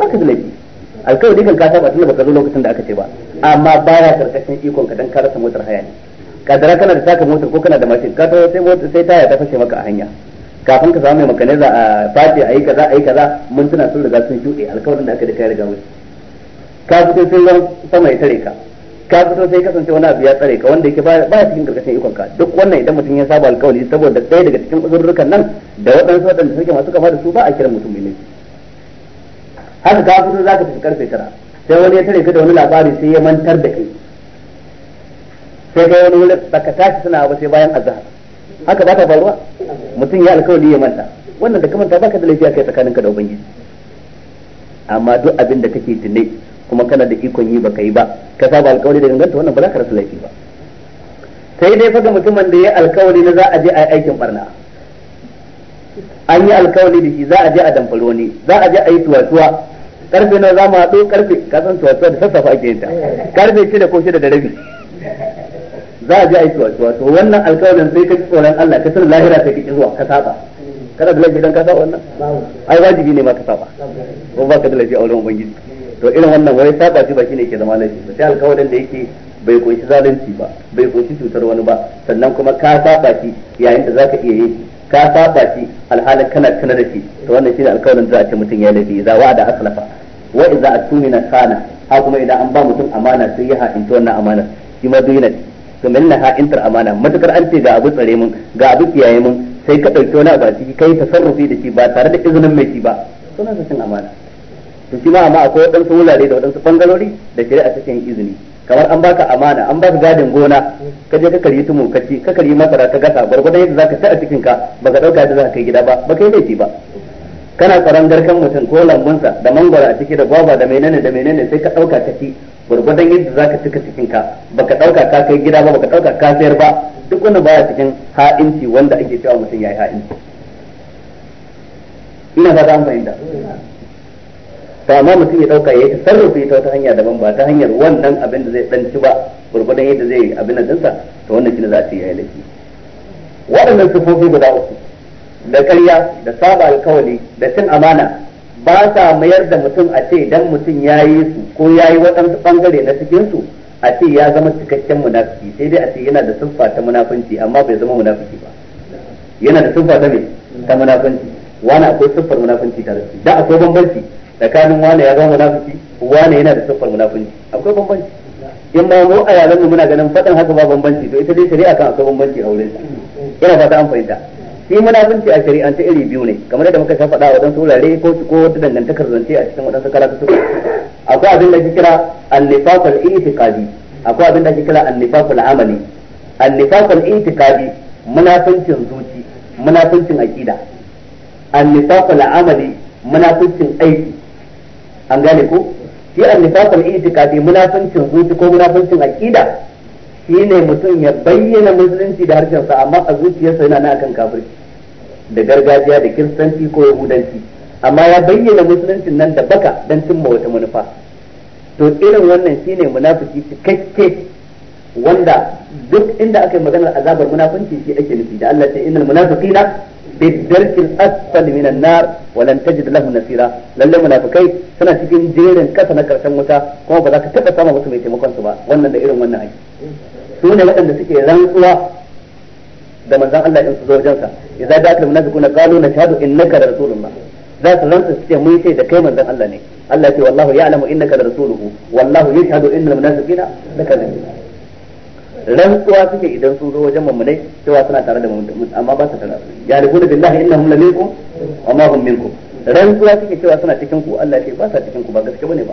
ba ka da laifi alkawari kan ka saba tunda baka zo lokacin da aka ce ba amma baya karkashin ikon ka dan ka rasa motar haya ne kadara kana da taka motar ko kana da mashin ka tawo sai motar sai taya ta fashe maka a hanya kafin ka samu mai makane za a fati yi kaza a yi kaza mun tuna sun riga sun shuɗe alkawarin da aka da kai riga wuce ka fito sun zama sama ya tare ka ka fito sai kasance wani abu ya tsare ka wanda yake baya cikin karkashin ikon ka duk wannan idan mutum ya saba alkawari saboda ɗaya daga cikin uzurrukan nan da waɗansu waɗanda suke masu kama da su ba a kiran mutum ne haka ka fito ka tafi karfe tara sai wani ya tare ka da wani labari sai ya mantar da kai sai kai wani wani baka tashi suna ba sai bayan azahar haka ba ta faruwa mutum ya alkawari ya manta wannan da ka manta baka da laifi kai tsakaninka da ubangiji amma duk abin da kake tunai kuma kana da ikon yi baka yi ba ka saba alkawari da ganganta wannan ba za ka rasa laifi ba sai dai faga mutumin da ya alkawari na za a je a yi aikin barna an yi alkawari da shi za a je a damfari wani za a je a yi tuwatuwa karfe na za mu haɗu karfe ka san tuwatuwa da sassafa ake yin ta karfe shida ko shida da rabi za a je a yi tuwatuwa to wannan alkawarin sai ka tsoron Allah ka san lahira sai ka ki zuwa ka saba kana da laifi dan ka saba wannan ai wajibi ne ma ka saba ko ba ka da laifi a wurin ubangiji to irin wannan wai saba shi ba shine yake zama laifi ba sai alƙawarin da yake bai kunshi zalunci ba bai kunshi cutar wani ba sannan kuma ka saba shi yayin da zaka iya yi ka saba shi alhalin kana kana da shi to wannan shine alkawarin da za a ce mutum ya laifi za wa'ada aslafa wa idza atumina kana ha kuma idan an ba mutum amana sai ya haɗinta wannan amana shi ma ne to min laha intar amana matukar an ce ga abu tsare mun ga abu kiyaye mun sai ka ɗauki wani abu a ciki kai tasarrufi da shi ba tare da izinin mai shi ba sunan sa cin amana to shi ma amma akwai waɗansu wurare da waɗansu bangarori da shari'a ta yin izini kamar an baka amana an baka gadin gona ka je ka karyi tumu ka ci ka karyi masara ka gasa gwargwadon yadda zaka ta a cikin ka baka dauka yadda zaka kai gida ba baka yi laifi ba kana tsaron garkan mutum ko lambunsa da mangwara a ciki da gwaba da menene da menene sai ka dauka ka ci gwargwadon yadda zaka cika cikin ka baka dauka ka kai gida ba baka dauka ka sayar ba duk wannan baya cikin ha'inci wanda ake cewa mutum yayi ha'inci ina fata an fahimta to amma mutum ya dauka ya yi sarrafa ta wata hanya daban ba ta hanyar wannan abin da zai dan ci ba gurgurdan yadda zai yi abin da sa to wannan shine za a ce ya yi laifi waɗannan sifofi guda uku da karya da saba alkawali da cin amana ba sa mayar da mutum a ce dan mutum ya yi su ko ya yi waɗansu ɓangare na cikin su a ce ya zama cikakken munafiki sai dai a ce yana da siffa ta munafunci amma bai zama munafiki ba yana da siffa ta mai ta munafunci wani akwai siffar munafunci tare da akwai bambanci tsakanin wane ya zama munafiki wane yana da siffar munafiki akwai bambanci in ba mu a yaran muna ganin fadan haka ba bambanci to ita dai shari'a kan akwai bambanci a wurin ina fata an fahimta shi munafiki a shari'a ta iri biyu ne kamar yadda muka shafa da a wadansu ko ko wata dangantakar zance a cikin wadansu karatu akwai abin da ake kira an-nifaq itiqadi akwai abin da ake kira an-nifaq amali an-nifaq itiqadi munafincin zuci munafincin aqida an-nifaq amali munafincin aiki an gane ko shi annifaq al-i'tiqadi munafancin zuci ko munafuncin aqida shine mutum ya bayyana musulunci da harshen sa amma a zuciyarsa yana na akan kafir da gargajiya da kiristanci ko yahudanci amma ya bayyana musulunci nan da baka dan cimma wata manufa to irin wannan shine munafiki cikakke wanda duk inda aka yi maganar azabar munafunci shi ake nufi da Allah ce innal munafiqina بالدرك الأسفل من النار ولن تجد له نصيرا لله منافقين suna cikin jerin kasa na karshen wuta kuma ba za ka taɓa samun wasu taimakon su ba wannan da irin wannan aiki su ne waɗanda suke rantsuwa da manzon Allah in su zo wajensa idza da'aka almunafiquna qalu nashhadu innaka la rasulullah za su rantsa su ce mun sai da kai manzon Allah ne Allah ya ce wallahu ya'lamu innaka la rasuluhu wallahu yashhadu innal rantsuwa suke idan sun zo wajen mummunai cewa suna tare da mummunai amma ba su tare ya da da billahi innahum la minkum wa ma hum minkum rantsuwa suke cewa suna cikin ku Allah ce ba sa cikin ku ba gaske bane ba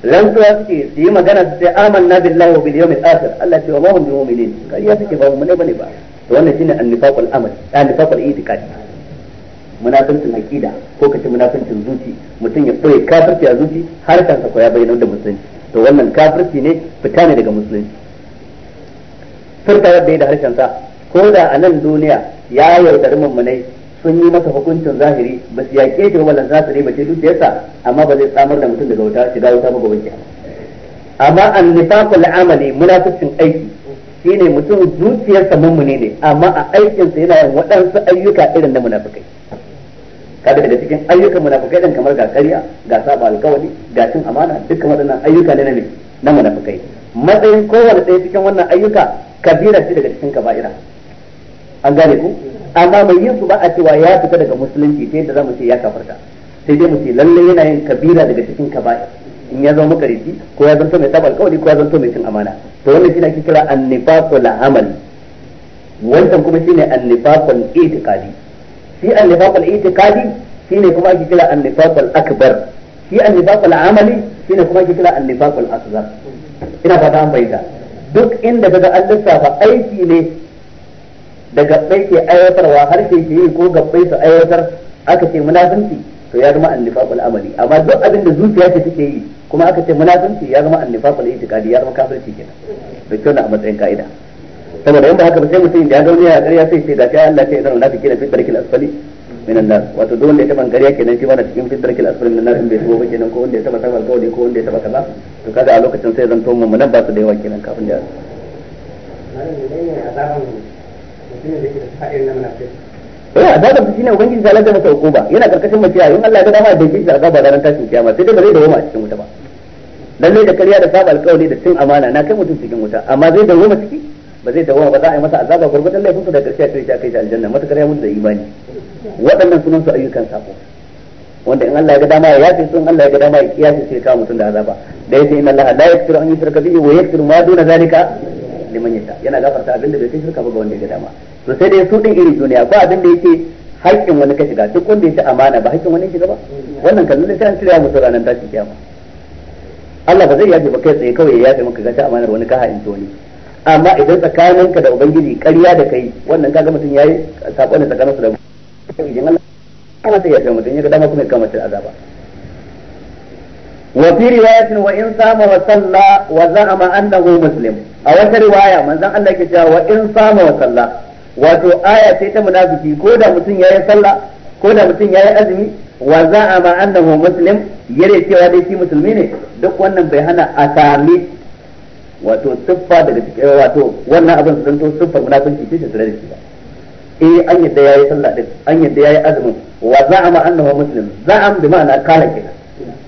rantsuwa suke su yi magana su ce amanna billahi wa bil yawmil akhir Allah ce wa ma hum bi mu'minin kariya suke ba mummunai bane ba to wannan shine annifaqul amal eh, annifaqul i'tiqad munafincin aqida ko kace munafincin zuci mutum ya koyi kafirci a zuci har kansa ko ya bayyana da musulunci to wannan kafirci ne fita ne daga musulunci furta da ya da harshen sa ko da a nan duniya ya yaudari mummunai sun yi masa hukuncin zahiri ba su yaƙe shi ba lan zasare ba ce dukiyarsa amma ba zai samar da mutum daga wuta shiga wuta ba gobe kiyama amma annifaqul muna munafiqin aiki shine mutum zuciyarsa mummuni ne amma a aikinsa yana yin waɗansu ayyuka irin na munafukai kada daga cikin ayyukan munafukai ɗin kamar ga karya ga saba alƙawari ga cin amana dukkan waɗannan ayyuka ne na munafukai matsayin kowane ɗaya cikin wannan ayyuka kabira ce daga cikin kaba'ira an gane ku amma mai yin su ba a cewa ya fita daga musulunci yadda za zamu ce ya kafarta sai dai mu ce lalle yana yin kabira daga cikin kaba'ira in ya zama makarici ko ya zanto mai saba alƙawari ko ya zanto mai cin amana to wannan na ake kira annifaqul amali wannan kuma shine annifaqul itiqadi shi annifaqul itiqadi shine kuma ake kira annifaqul akbar shi annifaqul amali shine kuma ake kira annifaqul asghar ina fata an bayyana duk inda daga an lissafa aiki ne da gabbai ke aiwatarwa har ke yi ko gabbai su aiwatar aka ce munafinci to ya zama annifaqul amali amma duk abin da zuciya ce take yi kuma aka ce munafinci ya zama annifaqul itiqadi ya zama kafirci kenan da kyau na a matsayin ka'ida saboda yanda haka ba sai mutum ya ga wani ya ƙarya sai ce da ta Allah ce idan munafiki na fi tarkil asfali minan nar wato duk wanda ya taba gariya kenan shi ba na cikin fitar kil asfar minan in bai tuba kenan ko wanda ya taba sabar kawai ko wanda ya taba kaza to kada a lokacin sai zan tomo mu nan ba su da yawa kenan kafin da eh azabar shi ne ubangiji ta lada masa hukuma yana karkashin maciya in Allah ya dama da shi azaba ranar tashin kiyama sai dai ba zai dawo a cikin wuta ba lalle da kariya da sabar alƙawari da cin amana na kai mutum cikin wuta amma zai dawo ciki ba zai dawo ba za a yi masa azaba gurgurdan laifin su da karshe a kai shi aljanna matakar ya mutu da imani waɗannan sunan su ayyukan sako wanda in Allah ya ga dama ya yafe su in Allah ya ga dama ya kiyaye sai ka mutun da azaba da yace inna Allah la yaghfiru an yushraka bihi wa yaghfiru ma duna zalika liman yasha yana gafarta abin da bai kai shirka ba ga wanda ya ga dama to sai dai su din irin duniya ba abin da yake haƙƙin wani ka shiga duk wanda yake amana ba haƙƙin wani shiga ba wannan kan lalle sai an shirya musu ranar tashi kiyama Allah ba zai yafe ba kai tsaye kawai ya yafe maka ga ta amanar wani ka ha'in wani amma idan tsakaninka da ubangiji ƙarya da kai wannan kaga mutum yayi ne da tsakaninsa da ubangiji Allah ana sai ya ce mutum ya ga dama kuma ya kama azaba wa fi riwayatin wa in sama wa salla wa za'ama annahu muslim a wata riwaya manzon Allah ke cewa wa in sama wa salla wato aya sai ta munafiki ko da mutum yayi sallah ko da mutum yayi azumi wa za'ama annahu muslim yare cewa dai shi musulmi ne duk wannan bai hana a sami wato siffa daga cikin eh, wato wannan abin su zanto siffar munafunci ce ta da shi ba eh an yadda yayi sallah din an yadda yayi azumin wa za'ama annahu muslim za'am bi ma'ana kala kina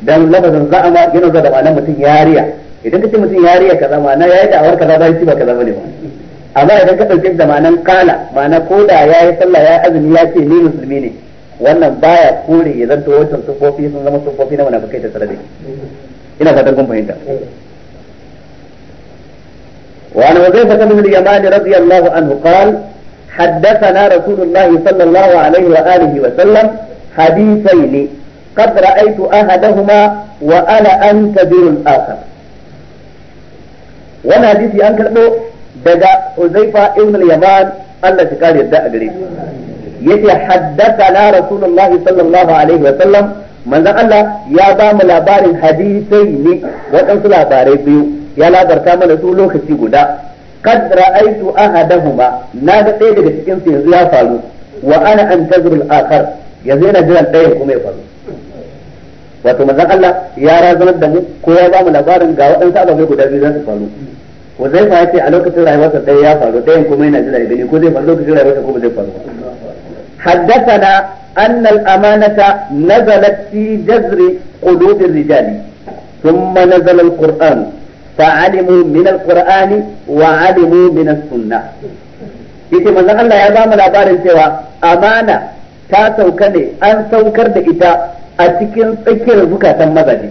dan lafazin za'ama yana zuwa da ma'anar mutum yariya idan kace mutum yariya kaza ma'ana yayi da'awar kaza ba shi ba kaza bane ba amma idan ka dauke da ma'anar kala ma'ana ko da yayi sallah yayi azumi ya ce ni musulmi ne wannan baya kore ya zanto wancan sufofi sun zama sufofi na munafikai da sirri ina fatan kun fahimta وعن حذيفة بن اليمان رضي الله عنه قال حدثنا رسول الله صلى الله عليه وآله وسلم حديثين قد رأيت أحدهما وأنا أنتظر الآخر وانا حديثي أنكر دجا حذيفة بن اليمان الله تكاد يبدأ أجريب yace haddathana rasulullahi sallallahu alaihi wa sallam manzon Allah ya ba mu labarin hadisai ne waɗansu labarai biyu ya labarta mana su lokaci guda kad ra'aytu ahadahuma na ga ɗaya daga cikin su yanzu ya faru wa ana antazir al-akhar yanzu yana jiran ɗaya kuma ya faru wato manzon Allah ya razanar da mu ko ya ba mu labarin ga waɗansu ababai guda biyu za su faru ko zai fa ce a lokacin rayuwarsa ɗaya ya faru ɗayan kuma yana jiran gani ko zai faru lokacin rayuwarsa ko ba zai faru حدثنا أن الأمانة نزلت في جذر قلوب الرجال ثم نزل القرآن فعلموا من القرآن وعلموا من السنة yace manzon Allah ya ba mu labarin cewa amana ta sauka ne an saukar da ita a cikin tsakiyar zukatan mazaje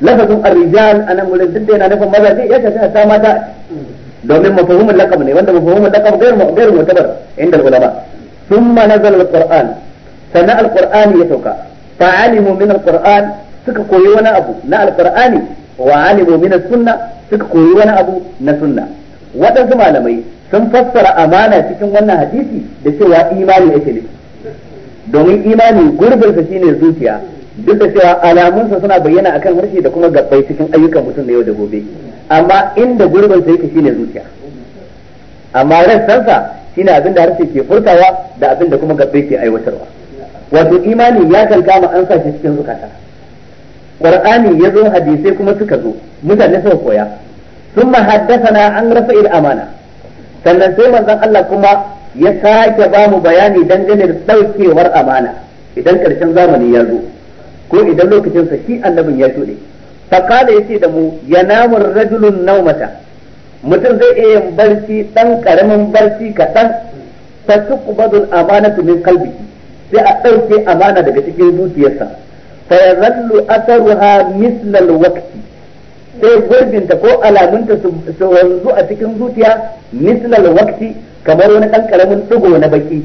lafazin arrijal anan gurin duk da yana nufin mazaje ya shafi ta mata domin mafahumul laqab ne wanda mafahumul laqab gairu gairu mutabar inda ulama thumma nazala alquran sana alquran ya sauka alimu min alquran suka koyi wani abu na alqur'ani wa alimu min sunna suka koyi wani abu na sunna waɗansu malamai sun fassara amana cikin wannan hadisi da cewa imani yake ne domin imani gurbinsa shine zuciya duk da cewa alamunsa suna bayyana akan harshe da kuma gabbai cikin ayyukan mutum na yau da gobe amma inda gurbinsa yake shine zuciya amma rassansa shine abin da harshe ke furtawa da abin da kuma gabbai ke aiwatarwa wato imani ya kankama an sa shi cikin zukata qur'ani ya zo hadisai kuma suka zo mutane suka koya sun na an rafa il amana sannan sai manzon Allah kuma ya sake ba mu bayani dangane da daukewar amana idan karshen zamani ya zo ko idan lokacin sa shi annabin ya shuɗe fakala yace da mu yanamu rajulun nawmata mutum zai iya yin barci dan karamin barci kaɗan ta tukubadul amanatu min qalbi sai a ɗauke amana daga cikin zuciyarsa فيظل أثرها مثل الوقت sai gurbinta ko alamunta su wanzu a cikin zuciya mislal wakti kamar wani ɗan ƙaramin ɗigo na baki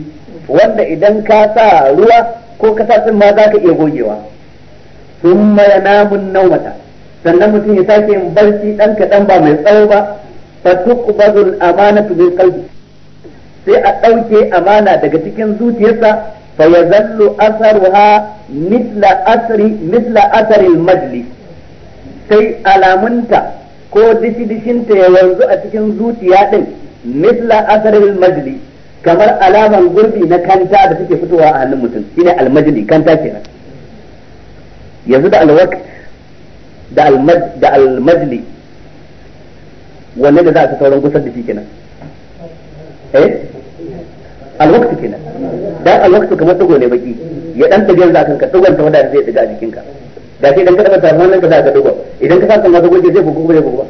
wanda idan ka sa ruwa ko ka sa ma za ka iya gogewa sun maya namun naumata sannan mutum ya sake yin barci ɗan kaɗan ba mai tsawo ba fa amana amanatu bil qalbi sai a ɗauke amana daga cikin zuciyarsa fa yazallu asarha misla asri misla asaril majli sai alamunta ko dishi-dishinta ya wanzu a cikin zuciya din misla asaril majli kamar alaman gurbi na kanta da suke fitowa a hannun mutum shine almajli kanta kenan yanzu da alwakt da almaj da almajli wanne da za a ta sauran gusar da shi kenan eh alwakt kenan dan alwakt kamar tago ne baki ya dan tabiyar zakan ka dogon ta wadanda zai jikin jikinka da ke idan kada ta samu nan ka za ka dogon idan ka sa kan wata goge zai kuku zai kuku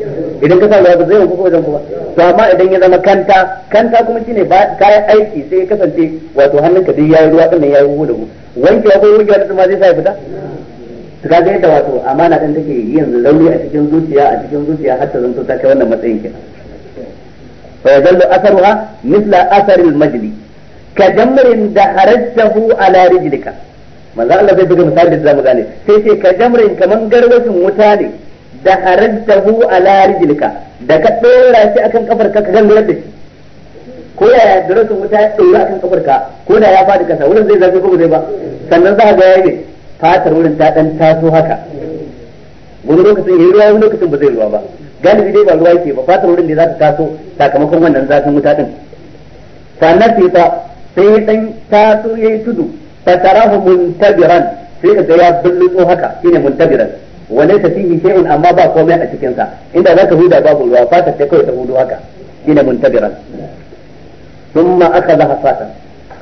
idan ka sa ba zai kuku zai kuku to amma idan ya zama kanta kanta kuma shine ba kai aiki sai ya kasance wato hannun ka duk yayi ruwa din yayi huhu da ku wanke ko wanke da ma zai sa ya fita ka ga yadda wato amana din take yanzu rauni a cikin zuciya a cikin zuciya har ta zanto ta kai wannan matsayin kenan fa yadallu asaruha mithla asaril majlis ka jamrin da harajtahu ala rijlika manzo Allah zai buga misali da zamu gane sai sai ka jamrin kaman garwashin wuta ne da harajtahu ala rijlika da ka dora shi akan kafar ka ka gangarar da shi ko ya garwashin wuta ya dora akan kafar ka ko da ya fadi kasa wurin zai zafi ko zai ba sannan za ka ga yayi fatar wurin ta dan taso haka wani lokacin yayi ruwa wani lokacin ba zai ruwa ba galibi dai ba ruwa yake ba fatar wurin ne za ta taso sakamakon wannan zafin wuta din sannan sai ta sai ya dan taso yayi tudu mun muntabiran sai ka ga ya bullo haka shine muntabiran wani ta fihi shay'un amma ba komai a cikin sa inda zaka huda babu ruwa fatar ta kawai ta hudu haka shine muntabiran thumma akhadha hasatan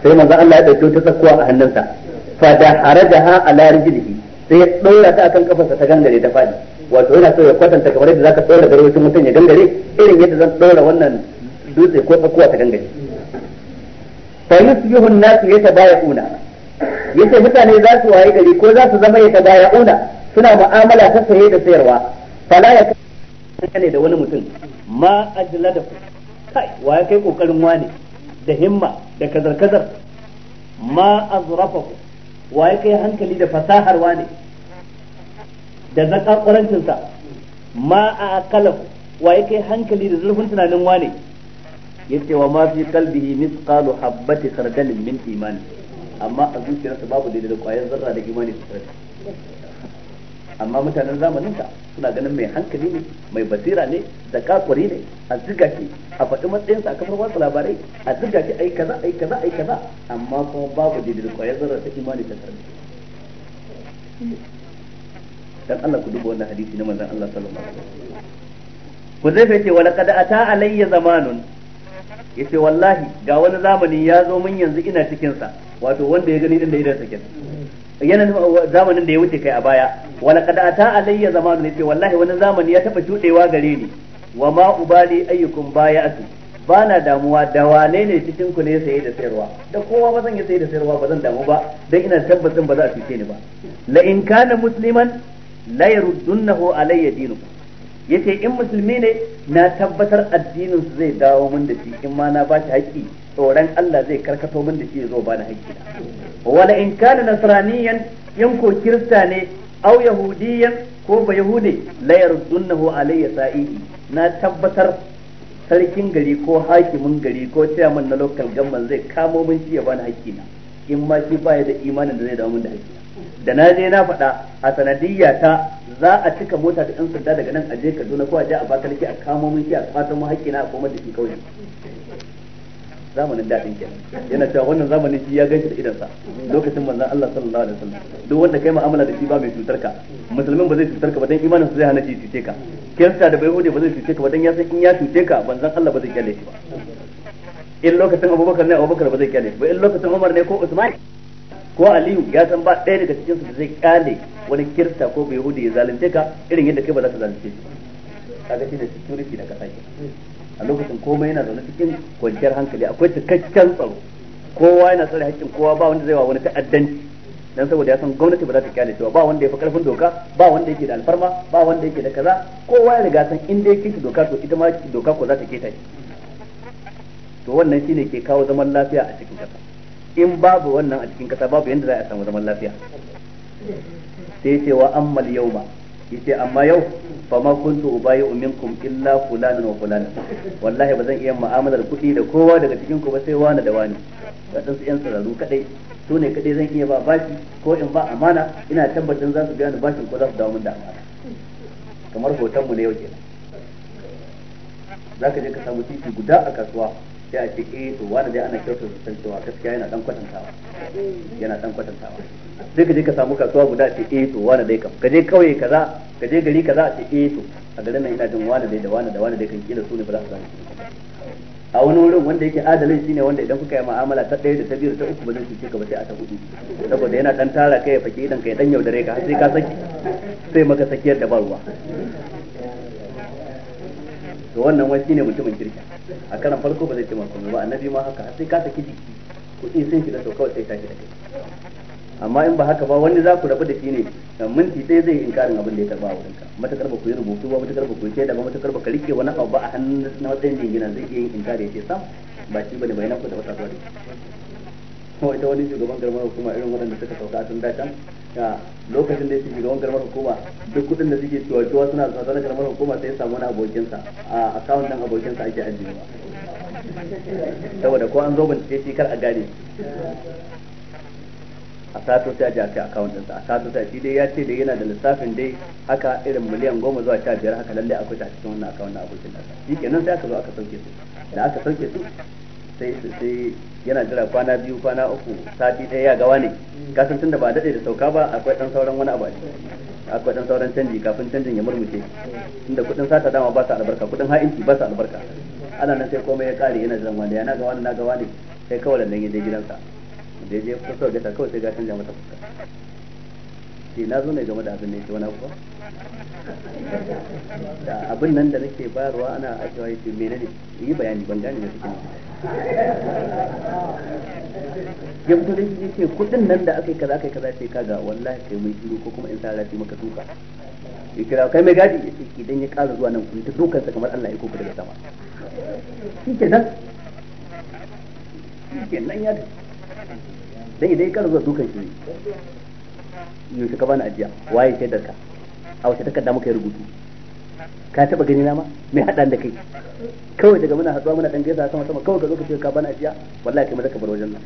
sai manzo Allah ya dauke ta sakkuwa a hannunsa fa da harajaha ala rijlihi sai ya dora ta akan kafarsa ta gangare ta fadi wato yana so ya kwatanta kamar yadda zaka dora garwacin mutum ya gangare irin yadda zan dora wannan dutse ko sakkuwa ta gangare ya ta baya una. Ya ce mutane za su waye gari ko za su zama ya ta una suna mu'amala ta saye da sayarwa fala ya ne da wani mutum ma ajila da kai wa ya kai kokarin wani da himma da kazar kazar ma ku. wa ya kai hankali da fasahar wani da zakar sa ma a ku. wa ya kai hankali da zurfin tunanin wane? yace wa ma fi qalbihi mithqalu habbati khardalin min iman amma a zuciyarsa babu daidai da kwayar zarra da imani su tsare amma mutanen zamanin ka suna ganin mai hankali ne mai basira ne da kakuri ne a ziga ke a faɗi matsayin sa a kafar wasu labarai a ziga shi ai kaza ai kaza ai kaza amma kuma babu daidai da kwayar zarra da imani ta tsare dan Allah ku duba wannan hadisi na manzon Allah sallallahu alaihi wasallam ku zai ce wa laqad ata alayya zamanun yace wallahi ga wani zamani ya zo min yanzu ina cikin sa wato wanda ya gani din da idan sa kenan yana uh, zamanin da ya wuce kai a baya wala kada ata alayya zamanu yace wallahi wani zamani ya taba shudewa gare ni wa ma ubali ayyukum ba bana damuwa da wane ne cikin ku ne saye da sayarwa da kowa ba zan yi saye da sayarwa ba zan damu ba dan ina tabbacin ba za a cuce ni ba la in kana musliman la yaruddunahu alayya dinukum yace in musulmi ne na tabbatar addinin su zai dawo min da shi in ma na bashi haƙƙi tsoron Allah zai karkato min da shi zo ba da haƙƙi wala in kana nasraniyan yan ko kirista ne aw yahudiyan ko ba yahude la yardunahu alayya sa'idi na tabbatar sarkin gari ko hakimin gari ko chairman na local government zai kamo min shi ya bani haƙƙi na in ma shi baya da imanin da zai dawo min da haƙƙi da na je na faɗa a sanadiyya ta za a cika mota da 'yan sanda daga nan a je Kaduna ko a je a Abakaliki a kamo mun shi a fatan mu haƙƙi na a komar da shi kawai. zamanin daɗin kenan yana cewa wannan zamanin shi ya ganshi da idansa lokacin manzon Allah sallallahu alaihi wasallam duk wanda kai mu'amala da shi ba mai cutar ka musulmin ba zai cutar ka ba dan imanin su zai hana shi cuce ka kirista da bai hode ba zai cuce ka ba dan ya san in ya cuce ka manzon Allah ba zai kyale shi ba in lokacin Abubakar ne Abubakar ba zai kyale ba in lokacin Umar ne ko Usman ko aliyu ya san ba ɗaya daga cikinsu da zai kyale wani kirta ko bai hudu ya zalunce ka irin yadda kai ba za ka zalunce shi kaga shi da security na kasa a lokacin komai yana zaune cikin kwanciyar hankali akwai cikakken tsaro kowa yana tsare haƙƙin kowa ba wanda zai wa wani ta'addanci dan saboda ya san gwamnati ba za ta kyale cewa ba wanda ya fi karfin doka ba wanda yake da alfarma ba wanda yake da kaza kowa ya riga san inda yake shi doka to ita ma doka ko za ta keta shi to wannan shine ke kawo zaman lafiya a cikin kasa in babu wannan a cikin kasa babu yadda za a samu zaman lafiya sai ce wa yau yauma Ita amma yau fa ma kuntu ubayi minkum illa fulanan wa fulanan wallahi ba zan iya mu'amalar kuɗi da kowa daga cikin ku ba sai wani da wani wadan su yan sararu kadai su ne kadai zan iya ba bashi ko in ba amana ina tabbatar za su ga ni bashin ko za su dawo min da amana kamar hoton mu na yau kenan zaka je ka samu titi guda a kasuwa sai a ce eh to wani dai ana kyautar da san cewa gaskiya yana dan kwatantawa yana dan kwatantawa sai ka je ka samu kasuwa guda ce eh to wani dai kam ka je kauye kaza ka je gari kaza a ce eh to a garin nan ina jin wani dai da wani da wani dai kan kila su ne ba za su samu a wani wurin wanda yake adalin shine wanda idan kuka yi mu'amala ta ɗaya da ta biyu da ta uku ba zai cuce ka ba sai a ta hudu saboda yana dan tara kai ya faki idan kai dan yaudare ka sai ka saki sai maka sakiyar da ba ruwa to wannan wai shine mutumin kirki a karan farko ba zai ce maka ba annabi ma haka sai ka saki jiki kuɗi sun ki to kawai sai tashi da kai amma in ba haka ba wani za ku rabu da shi ne minti sai zai inkarin abin da ya karba a ka matakar ba ku yi rubutu ba matakar ba ku yi da ba matakar ba ka rike wani abu ba a hannun na matsayin jingina zai iya yin inkari ya ce sam ba shi bane bai na da wata zuwa da ita wani shugaban garmar hukuma irin waɗanda suka sauka a tun da can lokacin da yake shugaban karamar hukuma duk kudin da suke cewa cewa suna tsada na karamar hukuma sai ya samu wani abokinsa a akawun nan abokinsa ake ba saboda ko an zo bincike shi kar a gane a sato sai a ji a kai akawun sa a sato sai shi dai ya ce da yana da lissafin dai haka irin miliyan goma zuwa sha biyar haka lallai akwai ta cikin wannan akawun na abokin ɗansa shi kenan sai aka zo aka sauke su da aka sauke su sai sai yana jira kwana biyu kwana uku sati ɗaya ya gawa ne kasan tunda ba daɗe da sauka ba akwai ɗan sauran wani abu akwai ɗan sauran canji kafin canjin ya murmushe tunda kuɗin sata dama ba sa albarka kuɗin ha'inci ba sa albarka ana nan sai komai ya ƙare yana jiran wani ya na gawa ne na gawa ne sai kawai lallan ya je gidansa da ya je kusa da ta kawai sai ga canja mata fuska ce eh, na zo ne game da abin da yake wani kuwa da abin nan da nake bayarwa ana ajewa ya ce menene yi bayani ban gane mai cikin ya fito da shi ce kudin nan da aka yi kaza aka yi kaza ce kaga wallahi kai mai shiru ko kuma in sa rafi maka duka ya kira kai mai gadi ya ce idan ya kara zuwa nan kuma ta dukansa kamar Allah ya kuka daga sama shi ke nan shi ke nan ya dan idan ya ƙara zuwa dukan shi ne yaushe ka bani ajiya waye shaidar ka a wace takarda muka yi rubutu ka taba gani na ma mai hada da kai kawai daga muna haɗuwa muna dan gaisa sama sama kawai ka zo ka ce ka bani ajiya wallahi kai maza ka bar wajen nan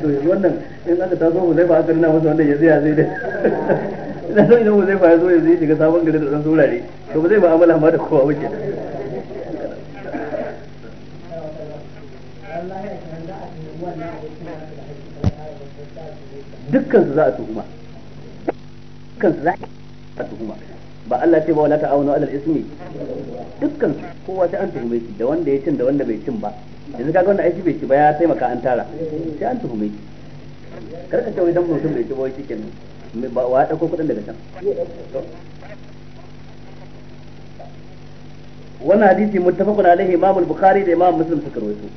to yanzu wannan in aka ta zo mu zai ba aka nuna masa wannan zai ya zai dai ina so idan mu zai ba ya zo ya zai shiga sabon gari da dan saurare to ba zai ba amala ma da kowa wuce dukkan su za a tuhuma dukkan su za a tuhuma ba Allah ce ba wala ta'awunu alal ismi dukkan su kowa sai an tuhume shi da wanda ya cin da wanda bai cin ba yanzu kaga wanda aiki bai ci ba ya taimaka an tara sai an tuhume shi kar ka ce wai dan mutum bai ci ba wai me ba wa dauko kudin daga can wannan hadisi muttafaqun alaihi imam al-bukhari da imam muslim suka rawaito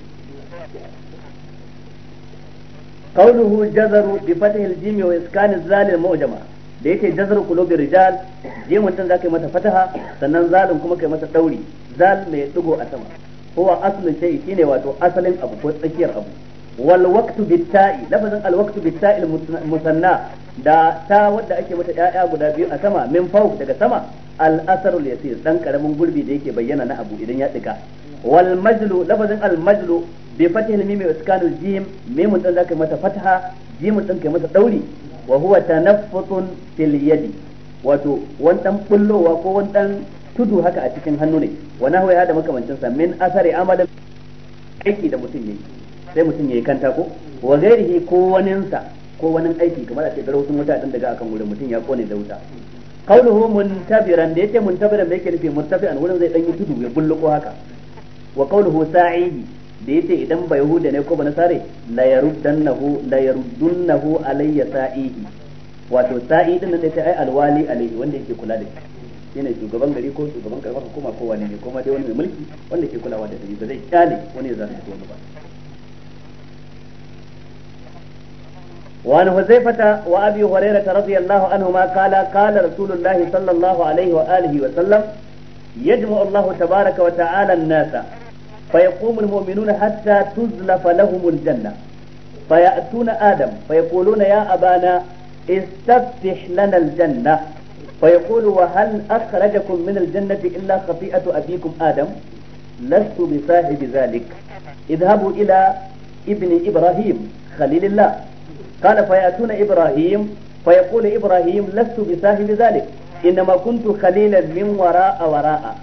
قوله جزر بفتح الجيم واسكان الزال المعجمه da yake jazar qulubi rijal jimin din zaka yi mata fataha sannan zalin kuma kai mata dauri zal mai digo a sama huwa aslun shay shine wato asalin abu ko tsakiyar abu wal waqtu bitta'i lafazin al waqtu bitta'i musanna da ta wadda ake mata ya'ya guda biyu a sama min fawq daga sama al asarul yasir dan karamin gurbi da yake bayyana na abu idan ya diga wal majlu lafazin al majlu bi al mim wa iskanul jim mim din zaka mata fataha jim din kai mata dauri wa huwa tanaffutun fil yadi wato wan dan bullowa ko wan dan tudu haka a cikin hannu ne wa nahwa ya da makamancin sa min asari amalan aiki da mutum yake sai mutum yayi kanta ko wa ghairihi ko sa ko wani aiki kamar a ce garwasun wuta din daga akan wurin mutum ya kone da wuta qauluhu muntabiran da yake muntabiran da yake nufi an wurin zai dan yi tudu ya ko haka wa qauluhu sa'ihi da yace idan ba yahuda ne ko ba nasare la yaruddannahu la yaruddunnahu alayya sa'ihi wato sa'i din nan da sai ai alwali alayhi wanda yake kula da shi yana shugaban gari ko shugaban karamar hukuma ko wani ne ko dai wani mai mulki wanda ke kulawa da shi ba zai kyale wani ya zalunci wani ba وعن حذيفة وأبي هريرة رضي الله عنهما قال قال رسول الله صلى الله عليه وآله وسلم يجمع الله تبارك وتعالى الناس فيقوم المؤمنون حتى تزلف لهم الجنة فيأتون آدم فيقولون يا أبانا استفتح لنا الجنة فيقول وهل أخرجكم من الجنة إلا خطيئة أبيكم آدم لست بصاحب ذلك اذهبوا إلى ابن إبراهيم خليل الله قال فيأتون إبراهيم فيقول إبراهيم لست بصاحب ذلك إنما كنت خليلا من وراء وراء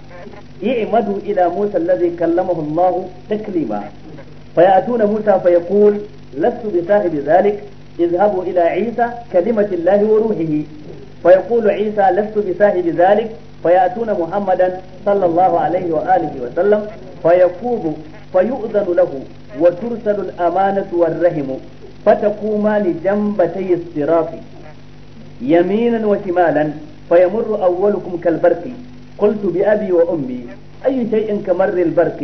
i'madu ila Musa alladhi kallamahu Allah taklima fayatuna Musa fayaqul lastu bi sahibi dhalik اذهبوا إلى عيسى كلمة الله وروحه فيقول عيسى لست بساهد ذلك فيأتون محمدا صلى الله عليه وآله وسلم فيقوم فيؤذن له وترسل الأمانة والرهم فتقومان جنبتي الصراط يمينا وشمالا فيمر أولكم كالبرق قلت بأبي وأمي أي شيء كمر البرق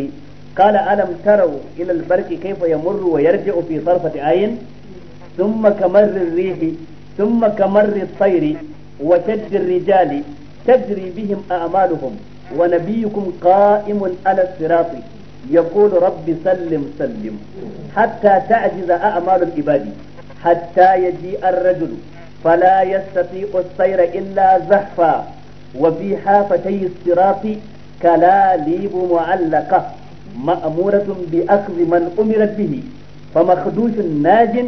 قال ألم تروا إلى البرق كيف يمر ويرجع في طرفة عين ثم كمر الريح ثم كمر الطير وشد الرجال تجري بهم أعمالهم ونبيكم قائم على الصراط يقول رب سلم سلم حتى تعجز أعمال العباد حتى يجيء الرجل فلا يستطيع السير إلا زحفا وفي حافتي الصراط كلاليب معلقة مأمورة بأخذ من أمرت به فمخدوش ناج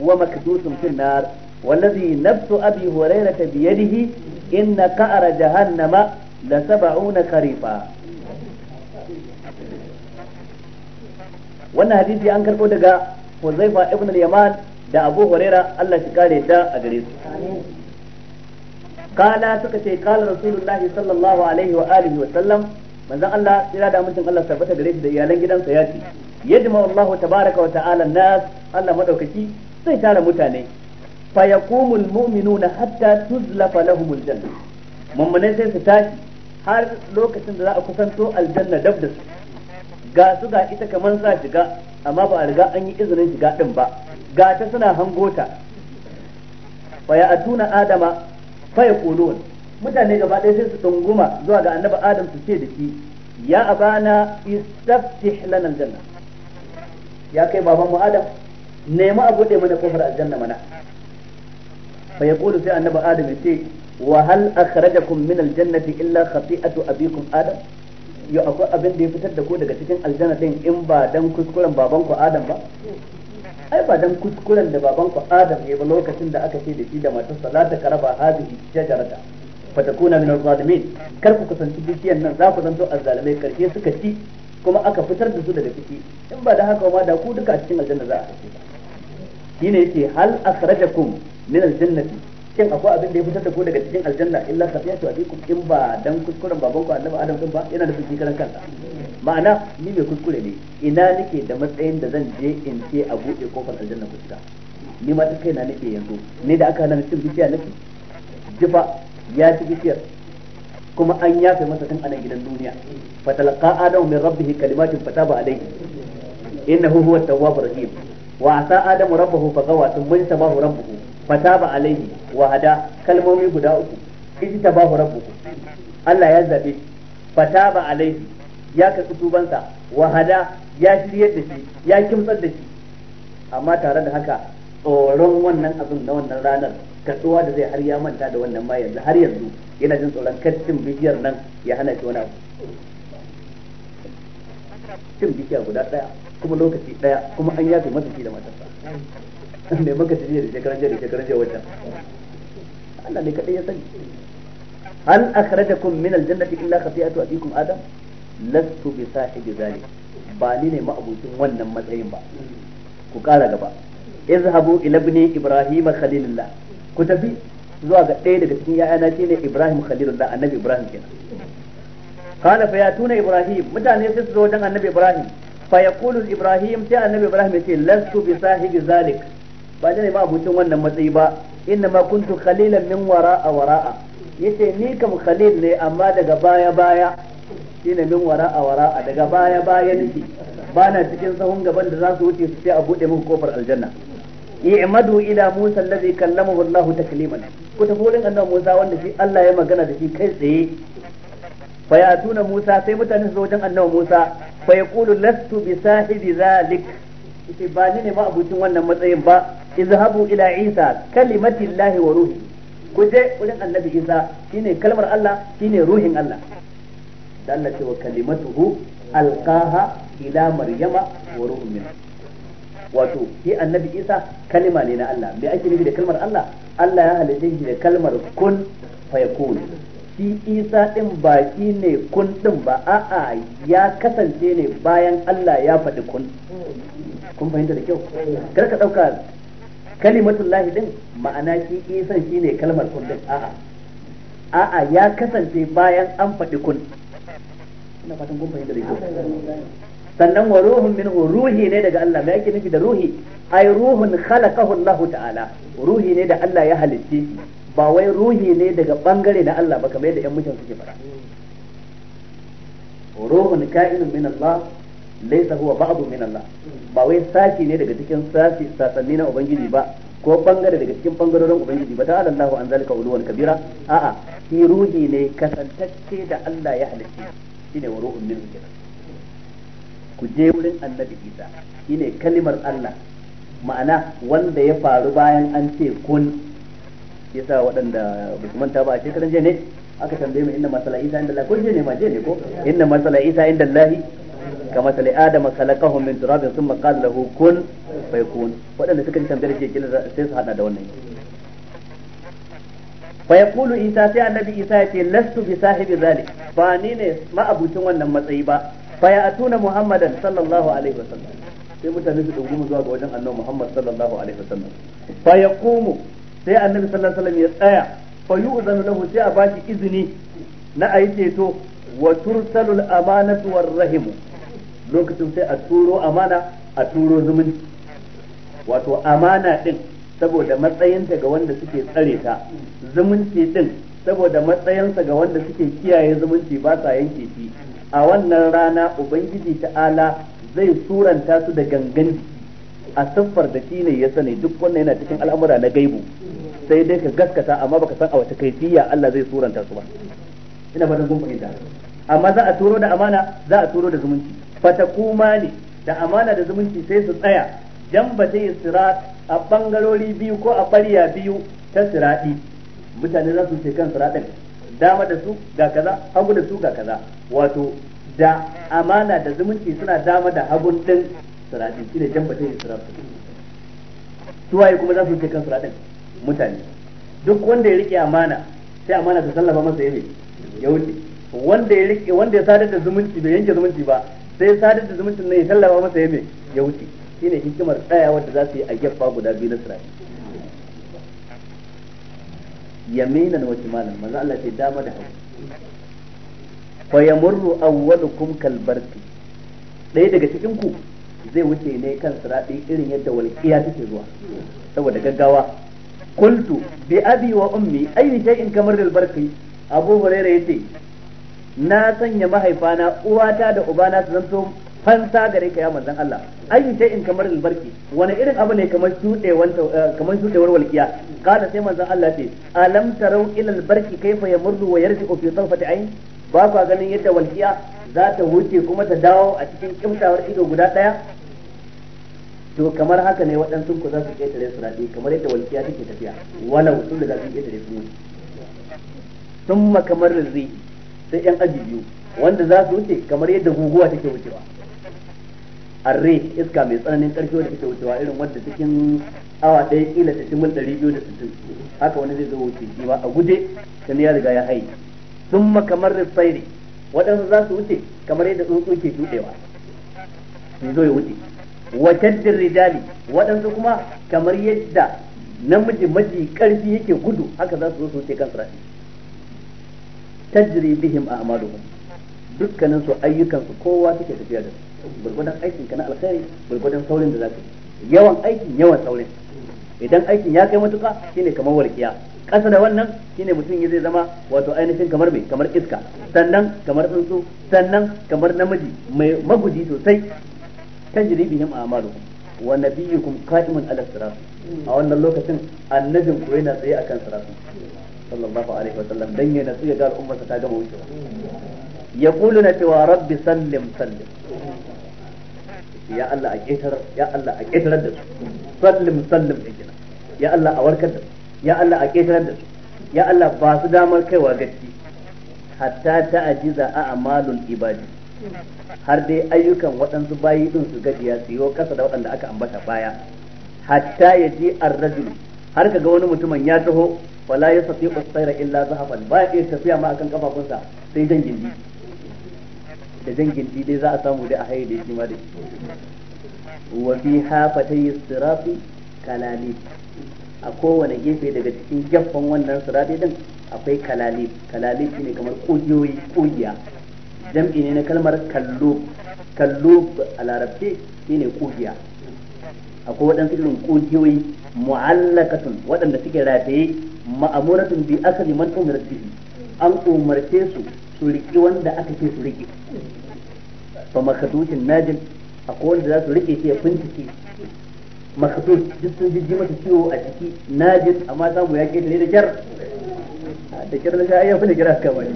ومكدوس في النار والذي نفس أبي هريرة بيده إن قعر جهنم لسبعون خريفا wannan hadisi an karɓo daga Huzaifa ibn al-Yaman da Abu Huraira Allah shi kare da a gare su kala suka ce kala rasulullahi sallallahu alaihi wa alihi wa sallam manzon Allah tsira da mutum Allah tabbata gare shi da iyalan gidansa ya ce yajma Allahu tabaraka wa ta'ala nas Allah madaukaki sai tara mutane fa yaqumul mu'minuna hatta tuzlafa lahumul janna mummune sai su tashi har lokacin da za a kusanto aljanna dab su ga su ga ita kamar za shiga amma ba a riga an yi izinin shiga din ba ga ta suna hangota fa ya adama faya yaqulun mutane gaba ɗaya sai su dunguma zuwa ga annabi adam su ce da shi ya abana istaftih lana aljanna ya kai baban mu adam nemi a bude mana kofar aljanna mana fa yaqulu sai annabi adam ya ce wa hal akhrajakum min aljannati illa khati'atu abikum adam yo akwai abin da ya fitar da ku daga cikin aljanna din in ba dan kuskuren babanku adam ba ai ba dan kuskuren da baban ku Adam ya ba lokacin da aka ce da shi da matarsa za ta karaba hadhihi shajarata fa takuna min al-zalimin kar ku kusanci bishiyan nan za ku zanto azzalimai karshe suka ci kuma aka fitar da su daga ciki in ba da haka ma da ku duka a cikin aljanna za a ci shine yace hal akhrajakum min al-jannati shin akwai abin da ya fitar da ku daga cikin aljanna illa safiyatu abikum in ba dan kuskuren baban ku annabi adam din ba yana da fushi karan kansa ma'ana ni mai kuskure ne ina nake da matsayin da zan je in ce a buɗe kofar aljanna ku shiga ni ma ta kaina nake yanzu ni da aka hana cin bishiya nake jifa ya ci bishiyar kuma an yafe masa tun anan gidan duniya fatalaqa adam min rabbihi kalimatin fataba alayhi innahu huwa at-tawwabur rahim wa asa adamu rabbahu fagawa thumma tabahu rabbuhu fataba alaihi wa kalmomi guda uku ta bahu rabbukum Allah ya zabe fataba alaihi ya kasu tubansa wahada ya shirye da shi ya kimtsar da shi amma tare da haka tsoron wannan abin na wannan ranar katsuwa da zai har ya manta da wannan ma yanzu har yanzu yana jin tsoron kaccin bishiyar nan ya hana shi wani abu cin bishiya guda daya kuma lokaci daya kuma an yafe masa shi da matarsa me maka tafiya da shekaran jiya da shekaran jiya wata Allah ne kadai ya sani hal akhrajakum min aljannati illa khati'atu abikum adam lastu bi sahibi zalik ba ni ne ma'abucin wannan matsayin ba ku kara gaba izhabu ila ibni ibrahim khalilullah ku tafi zuwa ga ɗaya daga cikin ya'yana shine ibrahim khalilullah annabi ibrahim kenan kana fa yatuna ibrahim mutane sai su zo wajen annabi ibrahim fa yaqulu ibrahim sai annabi ibrahim ya ce lastu bi sahibi zalik ba ne ma abincin wannan matsayi ba inna ma kuntu khalilan min wara'a wara'a yace ni kam khalil ne amma daga baya baya shine min wara'a wara'a daga baya baya nake na cikin sahun gaban da za su wuce su ce a bude min kofar aljanna i'madu ila Musa alladhi kallamahu Allahu takliman ku tafi furin annabi Musa wanda shi Allah ya magana da shi kai tsaye fa ya tuna Musa sai mutane su wajen annabi Musa fa yaqulu lastu bi sahibi zalik yace ba ni ne ma abucin wannan matsayin ba izhabu ila isa kalimatillahi wa ruhi ku je wurin annabi isa shine kalmar Allah shine ruhin Allah da Allah ce wa kalimatuhu alqaha ila maryama wa ruhun min wato shi annabi isa kalima ne na Allah me ake nufi da kalmar Allah Allah ya halitta shi da kalmar kun fayakun shi isa din ba shi ne kun din ba a'a ya kasance ne bayan Allah ya faɗi kun kun fahimta da kyau kar ka dauka lahi din ma'ana shi isan shine kalmar kun din a'a a'a ya kasance bayan an faɗi kun ina fatan kun fahimta da kyau sannan wa ruhun min ruhi ne daga Allah me yake nufi da ruhi ai ruhun khalaqahu Allah ta'ala ruhi ne da Allah ya halitta ba wai ruhi ne daga bangare na Allah ba kamar yadda ƴan mutum suke fara ruhun ka'inun min Allah laisa huwa ba'du min Allah ba wai sashi ne daga cikin sashi sasanni na ubangiji ba ko bangare daga cikin bangarorin ubangiji ba ta'ala Allahu an zalika ulwan kabira a'a shi ruhi ne kasantacce da Allah ya halicce shine wa ruhun min kenan ku je wurin annabi Isa shine kalimar Allah ma'ana wanda ya faru bayan an ce kun yasa waɗanda ba su manta ba a shekaran jiya ne aka tambaye mu inna masala Isa inda Allah ko je ne ma je ne ko inna masala Isa inda Allah kama sali adama khalaqahum min turabin thumma qala lahu kun fayakun wadanda suka ji tambayar ke kila sai su hada da wannan fa yaqulu isa sai annabi isa ya ce lastu bi sahibi zalik ba ni ne ma abucin wannan matsayi ba fa ya atuna muhammadan sallallahu alaihi wasallam sai mutane su dungumu zuwa ga wajen annabi muhammad sallallahu alaihi wasallam fa yaqumu sai annabi sallallahu alaihi wasallam ya tsaya fa yu'zanu lahu sai a bashi izini na ayi ceto wa tursalul amanatu war rahimu lokacin sai a turo amana a turo zumunci wato amana din saboda matsayinta ga wanda suke tsare ta zumunci din saboda matsayinsa ga wanda suke kiyaye zumunci ba sa yanke shi a wannan rana ubangiji ta'ala zai suranta su da gangan a siffar da shi ne ya sani duk wannan yana cikin al'amura na gaibu sai dai ka gaskata amma baka san a wata kaifiya Allah zai suranta su ba ina fatan kun fahimta amma za a turo da amana za a turo da zumunci kuma ne da amana da zumunci sai su tsaya jambata ta yi sirat a bangarori biyu ko a ɓarya biyu ta siraɗi mutane za su ce kan siraɗin dama da su ga kaza hagu da su ga kaza wato da amana da zumunci suna dama da hagun din siradi shine jamba ta yi Su waye kuma za su ce kan siraɗin mutane duk wanda ya rike amana sai amana ta sallama masa ya wuce wanda ya rike wanda ya sadar da zumunci bai yanke zumunci ba sai sadar da zumuncin nan ya tallafa masa ya ya wuce shine hikimar tsaya wadda za su yi a gefa guda biyu na sirari yaminan wace malam? Maza Allah sai dama da hau fa yamurru awwalukum kalbarki ɗaya daga cikin ku zai wuce ne kan sirati irin yadda walƙiya take zuwa saboda gaggawa kultu bi abi wa ummi ayi shay'in kamar al abu hurairah yace na sanya mahaifana uwata da ubana su zanto fansa gare ka ya manzon Allah ayi sai in kamar albarki wani irin abu ne kamar wanta eh, kamar war walkiya kada sai manzon Allah ce alam tarau ila albarki kaifa yamurru wa yarji'u fi tarfati ayn ba ka ganin yadda walkiya za ta huce kuma ta dawo a cikin kimtawar ido guda daya to kamar haka ne waɗansu ku za su ketare su radi kamar yadda walkiya take tafiya walau sun da za su ketare su sun makamar rizqi sai yan aji biyu wanda za su wuce kamar yadda guguwa take wucewa arre iska mai tsananin karfi wanda take wucewa irin wadda cikin awa ɗaya kila ta cimil ɗari biyu da sittin haka wani zai zo wuce shi ba a guje tun ya riga ya haye sun makamar rifairi waɗansu za su wuce kamar yadda tsuntsu ke shuɗewa su zo ya wuce wataddin rijali waɗansu kuma kamar yadda namiji maji karfi yake gudu haka za su zo su wuce kan sirati tajri bihim a'maluhum dukkanin su ayyukan su kowa take tafiya da su gurgudan aikin ka alkhairi gurgudan saurin da zaka yawan aikin yawan saurin idan aikin ya kai matuka shine kamar walkiya ƙasa da wannan shine mutum ya zai zama wato ainihin kamar mai kamar iska sannan kamar tsuntsu sannan kamar namiji mai maguji sosai tajri bihim a'maluhum wa nabiyyukum qa'imun ala sirat a wannan lokacin annabin ku yana tsaye akan sirat sallallahu alaihi wasallam dan ya natsu ya ga al'ummarsa ta gama wucewa ya na cewa rabbi sallim sallim ya Allah a ƙetarar ya Allah a ƙetarar da su sallim sallim da gina ya Allah a warkar da su ya Allah a ƙetarar da su ya Allah ba su damar kaiwa gaci hatta ta ajiza a amalul ibadi har dai ayyukan waɗansu bayi din su gajiya su yi kasa da waɗanda aka ambata baya hatta ya ji arrajulu har kaga wani mutumin ya taho wala yastati'u as-sayra illa zahaban ba ya iya tafiya ma akan kafafunsa sai jan gindi da jan gindi dai za a samu dai a haye da shi dai wa fi hafatay sirafi kalali a kowane gefe daga cikin gaffan wannan sirafi din akwai kalali kalali shine kamar kugiyoyi kujiya jam'i ne na kalmar kallo kallo a larabci shine kujiya akwai waɗansu irin kujiyoyi mu'allakatun waɗanda suke rataye ma'amuratun bi asali man umirat bihi an umarce su su riki wanda aka ce su riki fa makatushin najin akwai wanda za su riƙe shi ya bincike makatus duk sun jijji mata ciwo a jiki najin amma samu ya ƙetare da kyar da kyar na sha ya fi da kyar aka wani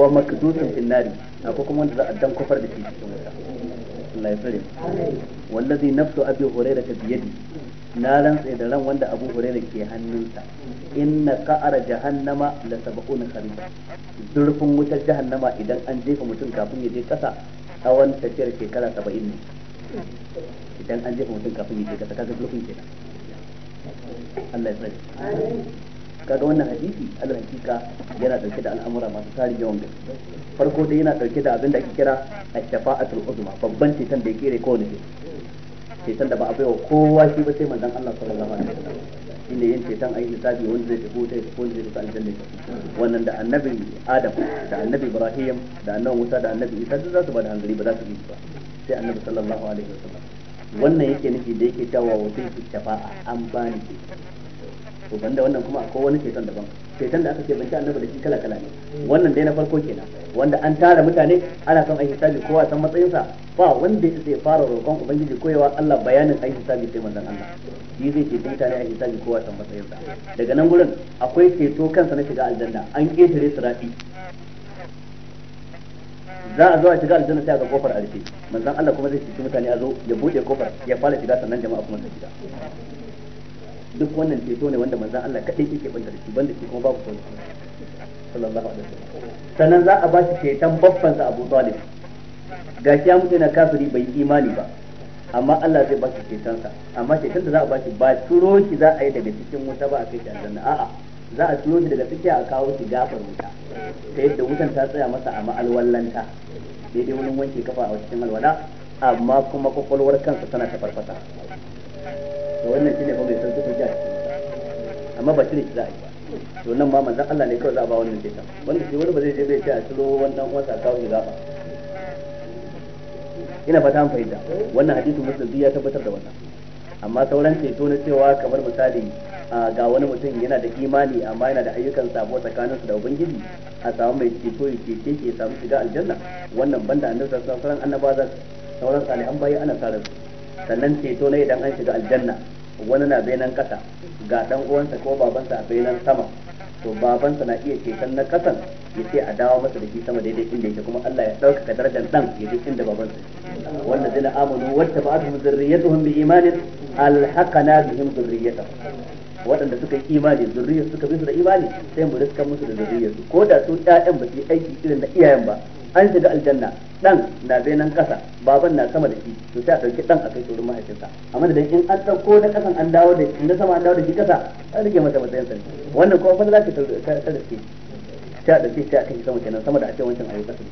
wa makatushin finnari akwai kuma wanda za a dan kofar da shi cikin wuta Allah ya tsare wallazi nafsu abi hurairah biyadi na rantsa da ran wanda Abu Hurairah ke hannunsa inna qa'ara jahannama la sab'un kharij zurfin wutar jahannama idan an jefa mutum kafin ya je kasa tsawon tafiyar shekara 70 ne idan an jefa mutum kafin ya je kasa kaga zurfin kenan Allah ya tsare kaga wannan hadisi Allah hakika yana dauke da al'amura masu tarin yawan gaske farko dai yana dauke da abin da ake kira ash-shafa'atul uzma babban titan da ya kere kowane ceton da ba a baiwa kowa shi ba sai manzon Allah sallallahu alaihi wasallam inda yin ceton ayi hisabi wanda zai tafi wuta ko zai tafi aljanna wannan da annabi Adam da annabi Ibrahim da annabi Musa da annabi Isa duk za su bada hankali ba za su yi ba sai annabi sallallahu alaihi wasallam wannan yake nufi da yake cewa wa sai shafa'a an bani to banda wannan kuma akwai wani ceton daban ceton da aka ce ban annabi da shi kala kala ne wannan dai na farko kenan wanda an tara mutane ana son ai hisabi kowa san matsayinsa ba wanda yake zai fara roƙon ubangiji koyewa Allah bayanin ai hisabi sai manzon Allah shi zai ce mutane ai hisabi kowa san matsayinsa daga nan gurin akwai ceto kansa na shiga aljanna an ketare sirafi za a zo a shiga aljanna sai a ga kofar arfi manzon Allah kuma zai ceci mutane a zo ya bude kofar ya fara shiga sannan jama'a kuma zai shiga duk wannan ceto ne wanda manzan Allah kaɗai yake banda da shi banda shi kuma babu kowa sallallahu alaihi wasallam sannan za a ba shi ceton babban sa Abu Talib gashi ya mutu yana kafiri bai imani ba amma Allah zai ba shi shaitan sa amma shaitan da za a ba shi ba turo shi za a yi daga cikin wuta ba a kai shi aljanna a'a za a turo shi daga cikin a kawo shi gafar wuta ta yadda wutan ta tsaya masa a ma'alwallanta daidai wani wanke kafa a cikin alwala amma kuma kwakwalwar kansa tana ta farfasa wannan shi ne ba amma ba shi ne za a yi ba to nan ma manzon Allah ne kawai za a ba wannan kyauta wanda shi wani ba zai je bai ce a ciro wannan wasa kawo ya zaba ina fata an fahimta wannan hadisin musulmi ya tabbatar da wannan amma sauran ceto na cewa kamar misali ga wani mutum yana da imani amma yana da ayyukan sabo tsakanin su da ubangiji a samu mai ceto ya cece ke samu shiga aljanna wannan banda annabi sallallahu alaihi wasallam annabawa za sauran salihan bayi ana sa sannan ceto na idan an shiga aljanna wani na bainan kasa ga dan uwansa ko babansa a bainan sama to babansa na iya ceton na kasan ya ce a dawo masa da shi sama daidai inda yake kuma Allah ya ɗaukaka darajar dan ya ji inda babansa wanda zina amanu wata ba su zurriyatuhum bi imanin alhaqana bihim zurriyatuhum waɗanda suka yi imani zurriyar suka bi su da imani sai mu riska musu da zurriyar ko da su ƴaƴan ba su yi aiki irin na iyayen ba an shiga aljanna dan na zai nan kasa baban na sama da shi to sai a dauki dan a kai shi wurin mahaifinsa amma da in an ko na kasan an dawo da shi na sama an dawo da shi kasa an rike masa matsayin sa wannan kuma fa za ka ta da shi ta da shi ta kai sama kenan sama da ake wancan ayyuka su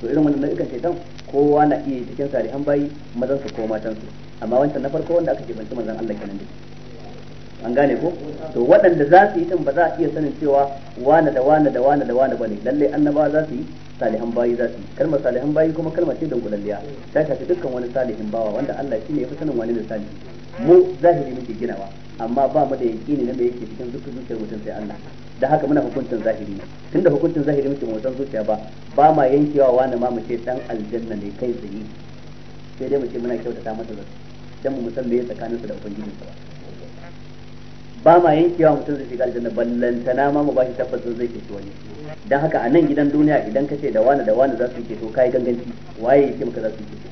to irin wannan nau'ikan shaitan kowa na iya cikin an bayi mazan su ko matan su amma wancan na farko wanda aka ke banci manzon Allah kenan dai an gane ko to waɗanda za su yi din ba za a iya sanin cewa wane da wane da wane da wane bane lalle annaba za su yi salihan bayi za su yi kalmar salihan bayi kuma kalma ce don gudanliya ta shafi dukkan wani salihin bawa wanda Allah shi ne ya fi sanin wani da misali mu zahiri muke ginawa amma ba mu da yaƙini na me yake cikin zuku zuciyar mutum sai Allah da haka muna hukuncin zahiri tunda hukuncin zahiri muke mu san zuciya ba ba ma yankewa wani ma mu ce dan aljanna ne kai tsaye sai dai mu ce muna kyautata masa zato dan mu san me tsakaninsa da ubangijinsa ba ba ma yankewa mutum zai shiga aljanna ballantana ma mu bashi tabbatar zai ke wani dan haka a nan gidan duniya idan ka ce da wani da wani za su ke to kai ganganci waye yake maka za su ke to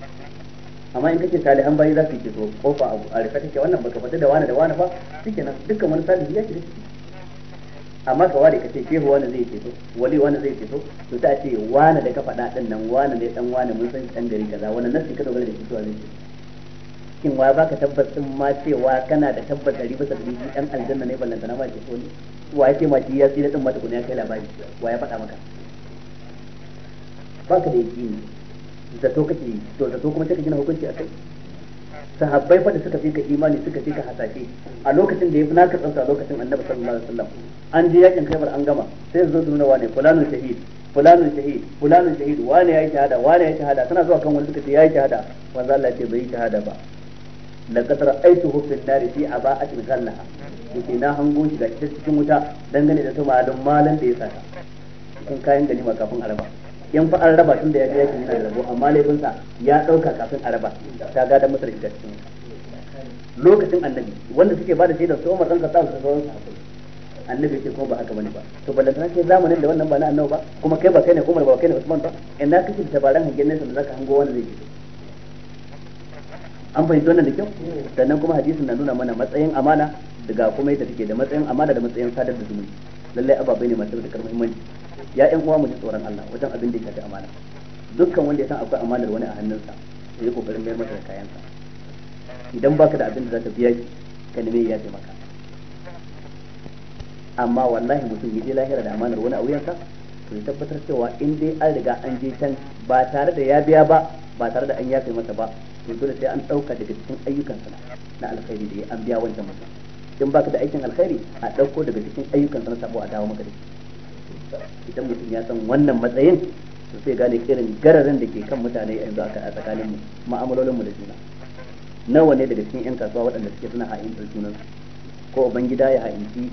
amma in kace salihan bayi za su ke to kofa a rufe take wannan baka faɗi da wani da wani ba shikenan dukkan wani salihi ya shiga amma ka ware ka ce ke wani zai to wali wani zai ke to ta ce wani da ka faɗa ɗin nan wani ne dan wani mun san dan gari kaza wani nasi ka dogara da shi zuwa zai fito shin wa baka tabbas din ma cewa kana da tabbas dari bisa dari shi dan aljanna ne ballanta na ma ce ko ne wa ya ma shi ya tsira din ma tukuna ya kai labari wa ya faɗa maka baka da yaki ne kake to to kuma take gina hukunci akai sahabbai fa da suka fi ka imani suka fi ka hasashe a lokacin da ya fi naka tsanta a lokacin annabi sallallahu alaihi wasallam an je yakin kaibar an gama sai zo su nuna wane fulanun shahid fulanun shahid fulano shahid wane yi shahada wane yi shahada tana zuwa kan wani suka ce ya yi shahada manzo Allah ce bai yi shahada ba laqad ra'aytuhu fi an-nari fi aba'atil ghallaha yace na hango shi ga ita cikin wuta dangane da don malan da ya saka cikin kayan ganima kafin araba yan fa raba tun da ya ga yakin yana da rabo amma laifinsa ya dauka kafin araba ta ga da masar shiga cikin wuta lokacin annabi wanda suke ba da shaidar su Umar dan Khattab da su sahabbai annabi ce kuma ba haka bane ba to ballantana ke zamanin da wannan ba na annabi ba kuma kai ba kai ne Umar ba kai ne Usman ba ina kake da tabaran hangen nesa da zaka hango wanda zai ji an fahimci wannan da kyau sannan kuma hadisin na nuna mana matsayin amana daga kuma yadda take da matsayin amana da matsayin sadar da zumunci lallai ababai ne masu da muhimmanci ya yan uwa mu ji tsoron Allah wajen abin da ya shafi amana dukkan wanda ya san akwai amanar wani a hannunsa ya yi kokarin mayar masa da kayansa idan baka da abin da zaka biya shi ka nemi ya taimaka maka amma wallahi mutum ya je lahira da amanar wani a wuyansa to ya tabbatar cewa in dai an riga an je can ba tare da ya biya ba ba tare da an yafe masa ba to dole sai an dauka daga cikin ayyukan sa na alkhairi da ya an biya wancan mutum in baka da aikin alkhairi a dauko daga cikin ayyukan sa na sabo a dawo maka da shi idan mutum ya san wannan matsayin to sai gane irin gararin da ke kan mutane yanzu a tsakanin mu ma'amalolin mu da juna nawa ne daga cikin yan kasuwa waɗanda suke suna ha'intar juna ko ubangida ya ha'inci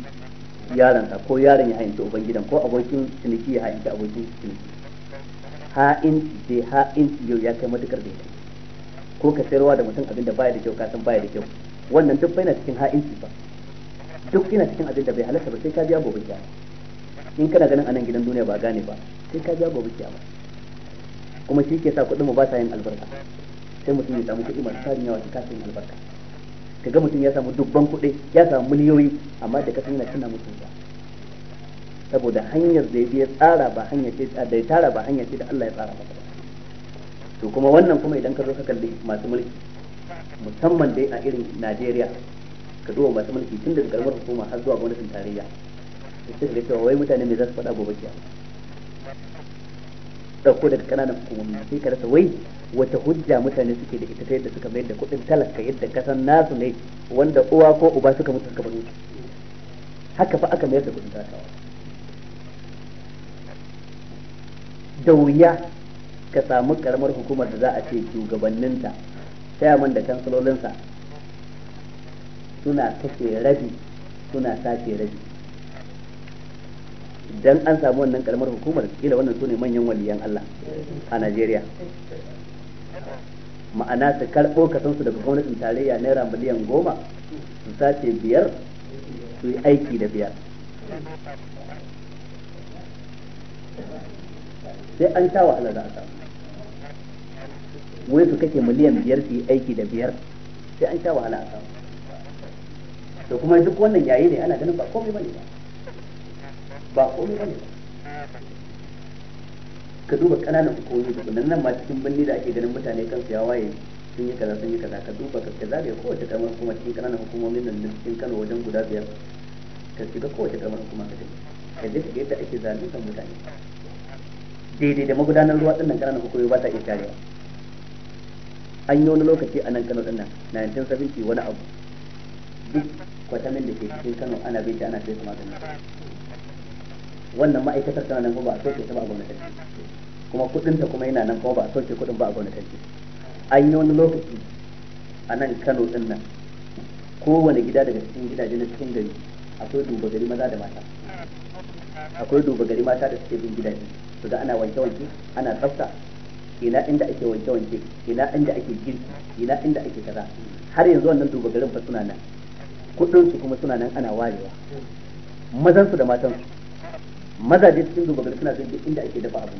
yaransa ko yaron ya ha'inci ubangidan ko abokin ciniki ya ha'inci abokin ciniki ha'inci dai ha'inci yau ya kai matukar da ya kai. ko ka sayarwa da mutum abin da baya da kyau ka san baya da kyau wannan duk bai na cikin ha'inci ba duk ina cikin abin da bai halatta ba sai ka biya gobe kiyama in kana ganin anan gidan duniya ba gane ba sai ka biya gobe kiyama kuma shi ke sa kuɗin mu ba sa yin albarka sai mutum ya samu kuɗi masu tarin yawa ka sa yin albarka kaga mutum ya samu dubban kuɗi ya samu miliyoyi amma da kasan yana cinna mutum ba saboda hanyar da ya tsara ba hanyar ce da ya tara ba hanyar ce da Allah ya tsara ba. to kuma wannan kuma idan ka zo ka kalli masu mulki musamman dai a irin Najeriya ka duba masu mulki tun daga karamar hukuma har zuwa gwamnatin tarayya sai ka cewa wai mutane me za su faɗa gobe kiyama dauko daga kananan hukumomi sai ka rasa wai wata hujja mutane suke da ita ta yadda suka mayar da kuɗin talaka yadda kasan nasu ne wanda uwa ko uba suka mutu suka bari haka fa aka mayar da kuɗin talakawa da wuya ka samu karamar hukumar da za a ce shugabanninta chairman da kansulolinsa suna kashe rabi suna sace rabi dan an samu wannan karamar hukumar kila wannan sune manyan waliyan Allah a Najeriya ma'ana su karɓo kasansu daga gwamnatin tarayya naira miliyan goma su sace biyar su yi aiki da biyar sai an sha wahala da a wai su kake miliyan biyar su yi aiki da biyar sai an sha wahala a samu to kuma duk wannan yayi ne ana ganin ba komai bane ba ba komai bane ba ka duba kananan hukumomi da kunan nan ma cikin birni da ake ganin mutane kan su ya waye sun yi kaza sun yi kaza ka duba ka zagaye kowace kamar hukuma cikin kananan hukumomin nan cikin Kano wajen guda biyar ka shiga kowace kamar hukuma ka tafi ka je ka ga yadda ake kan mutane daidai da magudanar ruwa ɗin nan kananan hukumomi ba ta iya tarewa an yi wani lokaci a nan Kano dinnan 1970 wani abu duk kwatamin da ke cikin Kano ana bai ta ana sai su magani wannan ma'aikatar tana nan ba a soke ta ba a gwamnatance kuma kudin ta kuma yana nan kuma ba a soke kudin ba a gwamnatance an yi wani lokaci a nan Kano dinnan kowane gida daga cikin gidaje na cikin gari akwai duba gari maza da mata akwai duba gari mata da suke bin gidaje su ga ana wanke-wanke ana tsafta ina inda ake wanke wanke ina inda ake girki ina inda ake kaza har yanzu wannan duba garin fa suna nan kudin su kuma suna nan ana warewa mazan su da matan su mazaje cikin duba garin suna duk inda ake dafa abu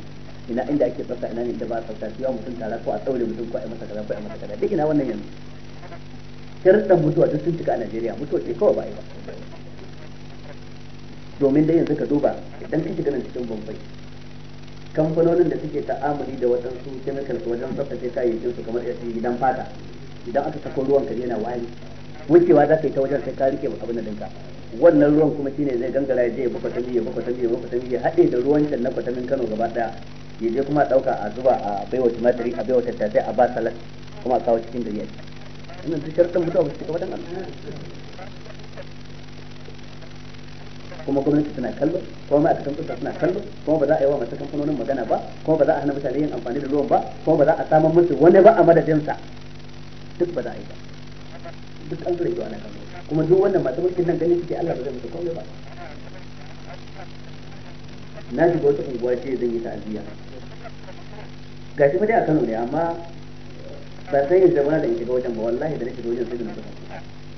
ina inda ake tsafta ina ne da ba tsafta su yawa mutum tara ko a tsaure mutum ko a yi masa kaza ko a yi masa kaza duk ina wannan yanzu sharɗan mutuwa duk sun cika a Najeriya mutuwa ce kawai ba yi ba domin dai yanzu ka duba idan ka shiga nan cikin Bombay kamfanonin da suke ta'amuli da waɗansu ko wajen tsaftace kayayyakin su kamar yadda gidan fata idan aka sako ruwan ka yana wari wucewa za ka yi ta wajen sai ka rike abin da dinka wannan ruwan kuma shine zai gangara ya je ya bi kwatami ya bi kwatami ya bi kwatami ya haɗe da ruwan can na kwatamin Kano gaba ɗaya ya je kuma ɗauka a zuba a baiwa tumatiri a baiwa tattasai a ba salat kuma a kawo cikin gari a ciki wannan duk sharɗin mutuwa ba su cika waɗannan kuma gwamnati tana kallo kuma ma'aikatan tsafta suna kallo kuma ba za a yi wa masu kamfanonin magana ba kuma ba za a hana mutane yin amfani da ruwan ba kuma ba za a samar musu wani ba a sa duk ba za a yi ba duk an zura ido na kallo kuma duk wannan masu mulkin nan ganin suke Allah ba zai musu komai ba na shiga wata unguwa ce zan yi ta'aziyya Ga shi dai a Kano ne amma ba sai in zama da in shiga wajen ba wallahi da na shiga wajen sai da na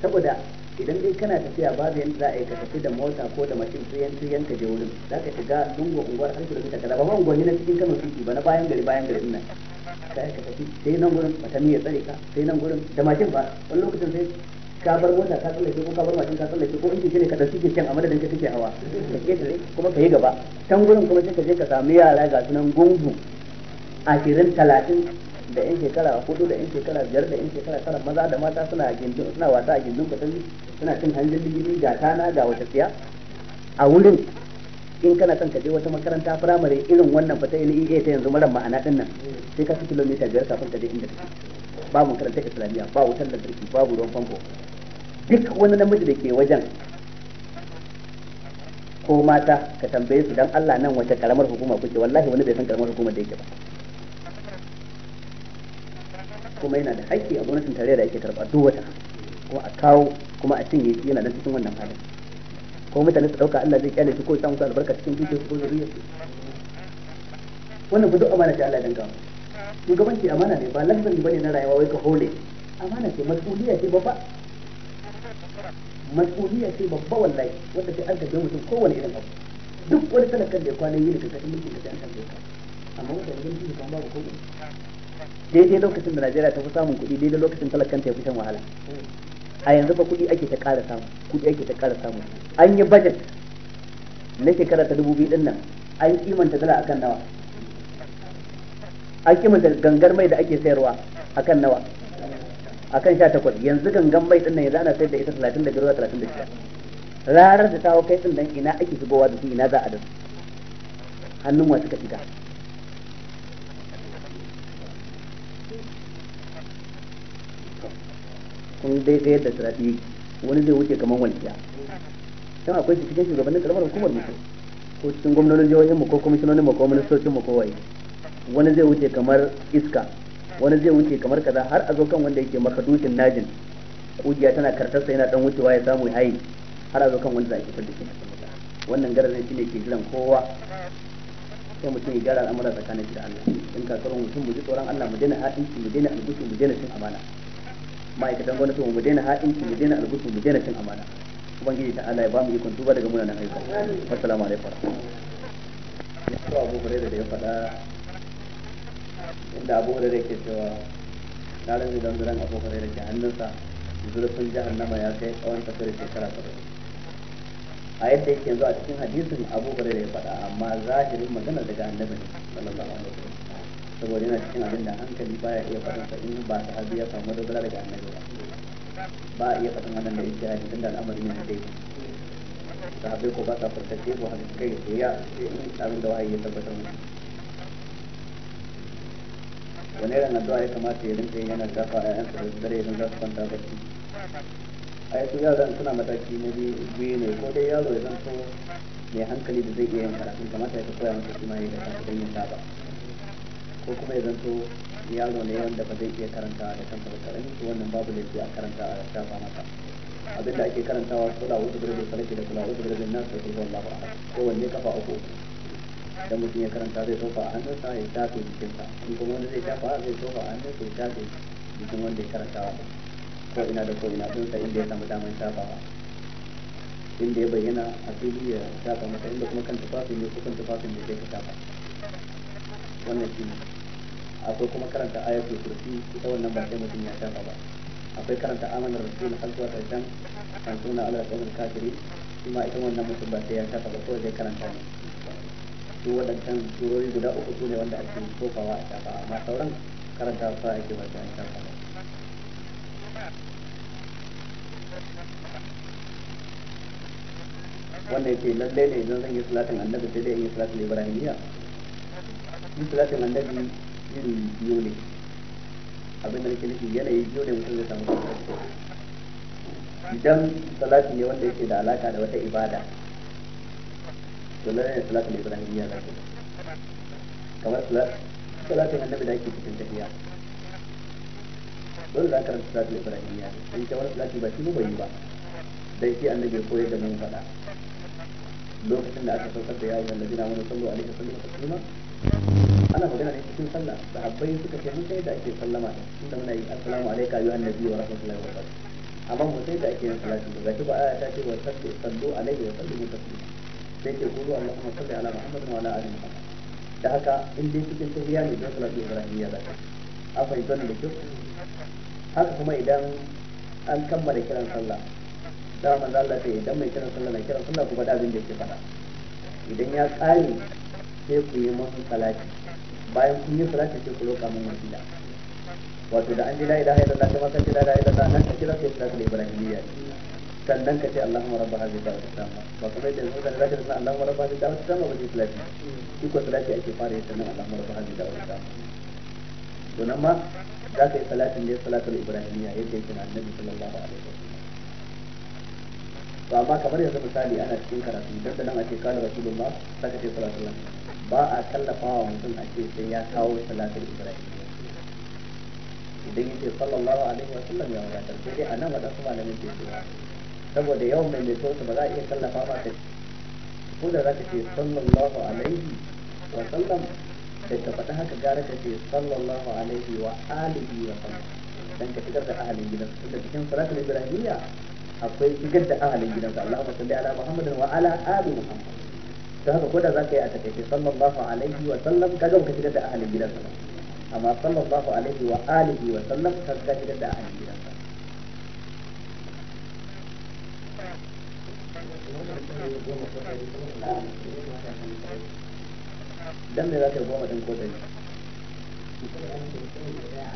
saboda idan dai kana tafiya babu yanda za a yi ka tafi da mota ko da mashin tuyan tuyan ka je wurin za ka shiga lungo unguwar har kilomita kaza ba ma unguwanni na cikin Kano city ba na bayan gari bayan gari nan yi ka tafi sai nan gurin ba ta miya tsare ka sai nan gurin da mashin ba wani lokacin sai ka bar mota ka tsallake ko ka bar mashin ka tsallake ko inji ne ka dauki ke can a madadin ka kake hawa ka ketare kuma ka yi gaba can gurin kuma sai ka je ka samu yara ga sunan gungu ashirin talatin da yan shekara hudu da yan shekara biyar da yan shekara tara maza da mata suna gindin suna wata a gindin kwatanni suna cin hanjin ligidi ga tana ga wata siya a wurin in kana son ka je wata makaranta firamare irin wannan fata iya e ta yanzu mara ma'ana din nan sai ka fi kilomita biyar kafin ka je inda ka ba makaranta islamiyya ba wutar lantarki babu ruwan famfo duk wani namiji da ke wajen ko mata ka tambaye su dan Allah nan wace karamar hukuma kuke wallahi wani bai san karamar hukuma da yake ba kuma yana da haƙƙi a gwamnatin tarayya da ake karɓa duk wata kuma a kawo kuma a cinye shi yana da cikin wannan halin ko mutane su ɗauka Allah zai kyale shi ko ya samu albarka cikin dukiyar su ko zuriyar su wannan ba duk amana ce Allah danka shugabanci amana ne ba lafzan bane na rayuwa wai ka hole amana ce mas'uliyya ce babba mas'uliyya ce babba wallahi wanda sai an tabbe mutum kowane irin abu duk wani talakan da ya kwana yi da kasashen mulkin da sai an tabbe ka amma wanda ya shi mutum kan babu komai daidai lokacin da Najeriya ta fi samun kuɗi daidai lokacin talakan ta fi shan wahala a yanzu fa kuɗi ake ta ƙara samu kuɗi ake ta ƙara samu an yi budget na shekara ta dubu biyu din nan an kimanta dala akan nawa an kimanta gangar mai da ake sayarwa akan nawa akan sha takwas yanzu gangan mai din nan yanzu ana sayar da ita talatin da biyar zuwa talatin da shida ranar da ta kai din nan ina ake shigowa da su ina za a da hannun wa suka shiga sun dai sayar da sirati yake wani zai wuce kamar walƙiya don akwai su cikin shugabannin karamar hukumar mutu ko cikin gwamnonin jihohin mu ko kwamishinonin mu ko ministocin mu ko waye wani zai wuce kamar iska wani zai wuce kamar kaza har a zo kan wanda yake dukin najin kugiya tana kartarsa yana dan wucewa ya samu hayi har a zo kan wanda zaki fidda shi wannan shi shine ke jiran kowa sai mutum ya gyara al'amura tsakanin shi da Allah in kasuwar mutum mu ji tsoron Allah mu daina hadinci mu daina albushi mu daina cin amana ma'aikatan gwamnati mu daina ha'inci mu daina albusu mu daina cin amana ubangiji ta Allah ya ba mu ikon duba daga munanan ayyuka assalamu alaikum ya ko abu bare da ya fada inda abu bare yake cewa na da don zuran abu bare da ke hannunsa zurfin jahannama ya kai tsawon tafiyar shekara saba'in a yadda yake yanzu a cikin hadisin abu bare da ya fada amma zahirin magana daga annabi sallallahu alaihi wasallam saboda yana cikin abin da hankali baya iya faɗin sa in ba sahabi ya samu dogara daga annabi ba ba a iya faɗin wannan da ijtihadi da al'amari ne da yake ko ba sa ce ko haka kai sai ya abin da wahayi ya tabbata mu. wani ran addu'a ya kamata ya rinka yin yana dafa a yansa da dare idan za su kwanta barci a yasu yaran suna mataki na biyu ne ko dai yaro ya zanto mai hankali da zai iya yin karatu kamata ya koya masa shi ma ya da kasa don yin saba ko kuma ya zanto yaro ne wanda ba zai iya karanta da kansa ba karami to wannan babu laifi a karanta a shafa maka abin da ake karantawa ko da wasu birnin falaki da kula wasu birnin nasu da kuma ba ko kowanne kafa uku da mutum ya karanta zai tofa a sa ya shafe sa in kuma wanda zai tafa zai tofa a sa ya tafi jikin wanda ya karanta wa ko ina da ko ina don sa inda ya samu damar ba inda ya bayyana a fili ya shafa maka inda kuma kan tufafin ne ko kan tufafin ne zai ka shafa wannan shi ne akwai kuma karanta ayatul kursi ita wannan ba sai mutum ya shafa ba akwai karanta amanar rasul har zuwa karshen kan suna ala kawul kafiri kuma ita wannan mutum ba sai ya shafa ba kawai zai karanta ne su waɗancan surori guda uku su ne wanda ake kofawa a shafa amma sauran karanta ba ake ba sai ya shafa ba wannan yake lallai ne idan zan yi salatin annabi sai dai in yi salatin ibrahimiyya yin salatin annabi iri biyu ne abin da nake nufi yanayi biyu ne mutum zai samu idan salati ne wanda yake da alaka da wata ibada to ne kamar annabi da ake cikin tafiya dole za ka ba shi mu bai yi ba shi annabi koyar da mun faɗa lokacin da aka saukar da yayin da ladina mun sallu alaihi ana magana ne cikin sallah sahabbai suka ce mun sai da ake sallama inda muna yi assalamu alayka ayyuhan nabiyyu wa rahmatullahi wa barakatuh amma mun sai da ake yin salati da shi ba aya ta ce wa sallu sallu alaihi wa sallimu taslima sai ke kullu allahumma salli ala muhammadin wa ala ali muhammad da haka in dai cikin tahiyya ne don salatu ibrahimiyya da a fahimtar da kyau haka kuma idan an kammala kiran sallah da manzo Allah sai idan mai kiran sallah na kiran sallah kuma da abin da yake faɗa idan ya kare sai ku yi masu salati bayan kun yi salati sai ku roƙa mun wasila wato da an ji la ilaha illallah kuma kan ji la ilaha illallah nan ka kira sai salatul ibrahimiyya sannan ka ce Allahumma rabba hadhihi da'wati tamma ba kuma da yanzu da zaka san Allahumma rabba hadhihi da'wati tamma ba sai salati shi ko salati ake fara yin sannan Allahumma rabba hadhihi da'wati tamma to nan ma za ka yi salatin da salatul ibrahimiyya yadda yake na annabi sallallahu alaihi wasallam to amma kamar yanzu misali ana cikin karatu dan da nan ake kallon rasulullah saka ce salatu ba a tallafawa mutum a ce sai ya kawo salatul ibrahim idan yake sallallahu alaihi wa sallam ya wada sai dai anan wadansu malamin ke cewa saboda yau mai mai su ba za a iya kallafa ba ta ko da za ka ce sallallahu alaihi wa sallam sai ka faɗi haka gara ka ce sallallahu alaihi wa alihi wa sallam dan ka fitar da ahalin gidan tunda cikin salatul ibrahimiyya akwai shigar da ahalin gidansa Allahumma salli ala Muhammadin wa ala ali Muhammad to haka ko da zaka yi a takaice sallallahu alaihi wa sallam kaga ka shigar da ahalin gidansa amma sallallahu alaihi wa alihi wa sallam kaga shigar da ahalin gidansa dan me zaka yi goma din ko dai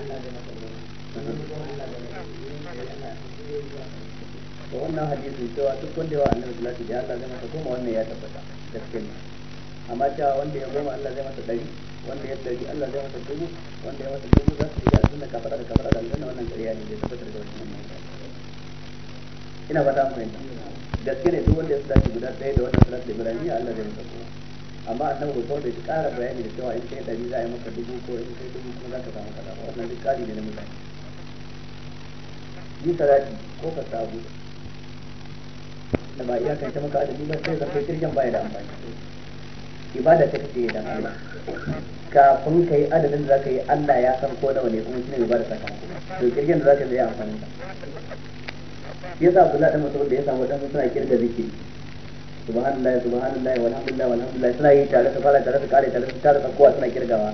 Allah da wannan hadisi cewa duk wanda ya yawa annabi sallallahu alaihi wasallam zai masa goma wannan ya tabbata gaskiya ne amma cewa wanda ya goma Allah zai masa dari wanda ya dari Allah zai masa dubu wanda ya masa dubu za su yi aljanna kafara da kafara da aljanna wannan ƙarya ne bai tabbatar da wannan ina fata mu fahimta gaskiya ne duk wanda ya sallaci guda ɗaya da wannan salatu ibrahimiyya Allah zai masa goma amma annabi bai kawai ya ƙara bayani da cewa in kai dari za a yi maka dubu ko in kai dubu kuma za ka samu kaza wannan duk kari ne na mutane yi salati ko ka sabu da ba iyakance maka adadi ba sai zarfe kirgin baya da amfani ibada ta kace dan Allah kafin kai adadin da zaka yi Allah ya san ko nawa ne kuma shine ibada ta kan to kirgin da zaka yi amfani da yasa Abdullahi dan Mas'ud da yasa samu suna kirga zikiri subhanallah subhanallah walhamdulillah walhamdulillah suna yi tare su fara tare su kare tare su tare su kowa suna kirgawa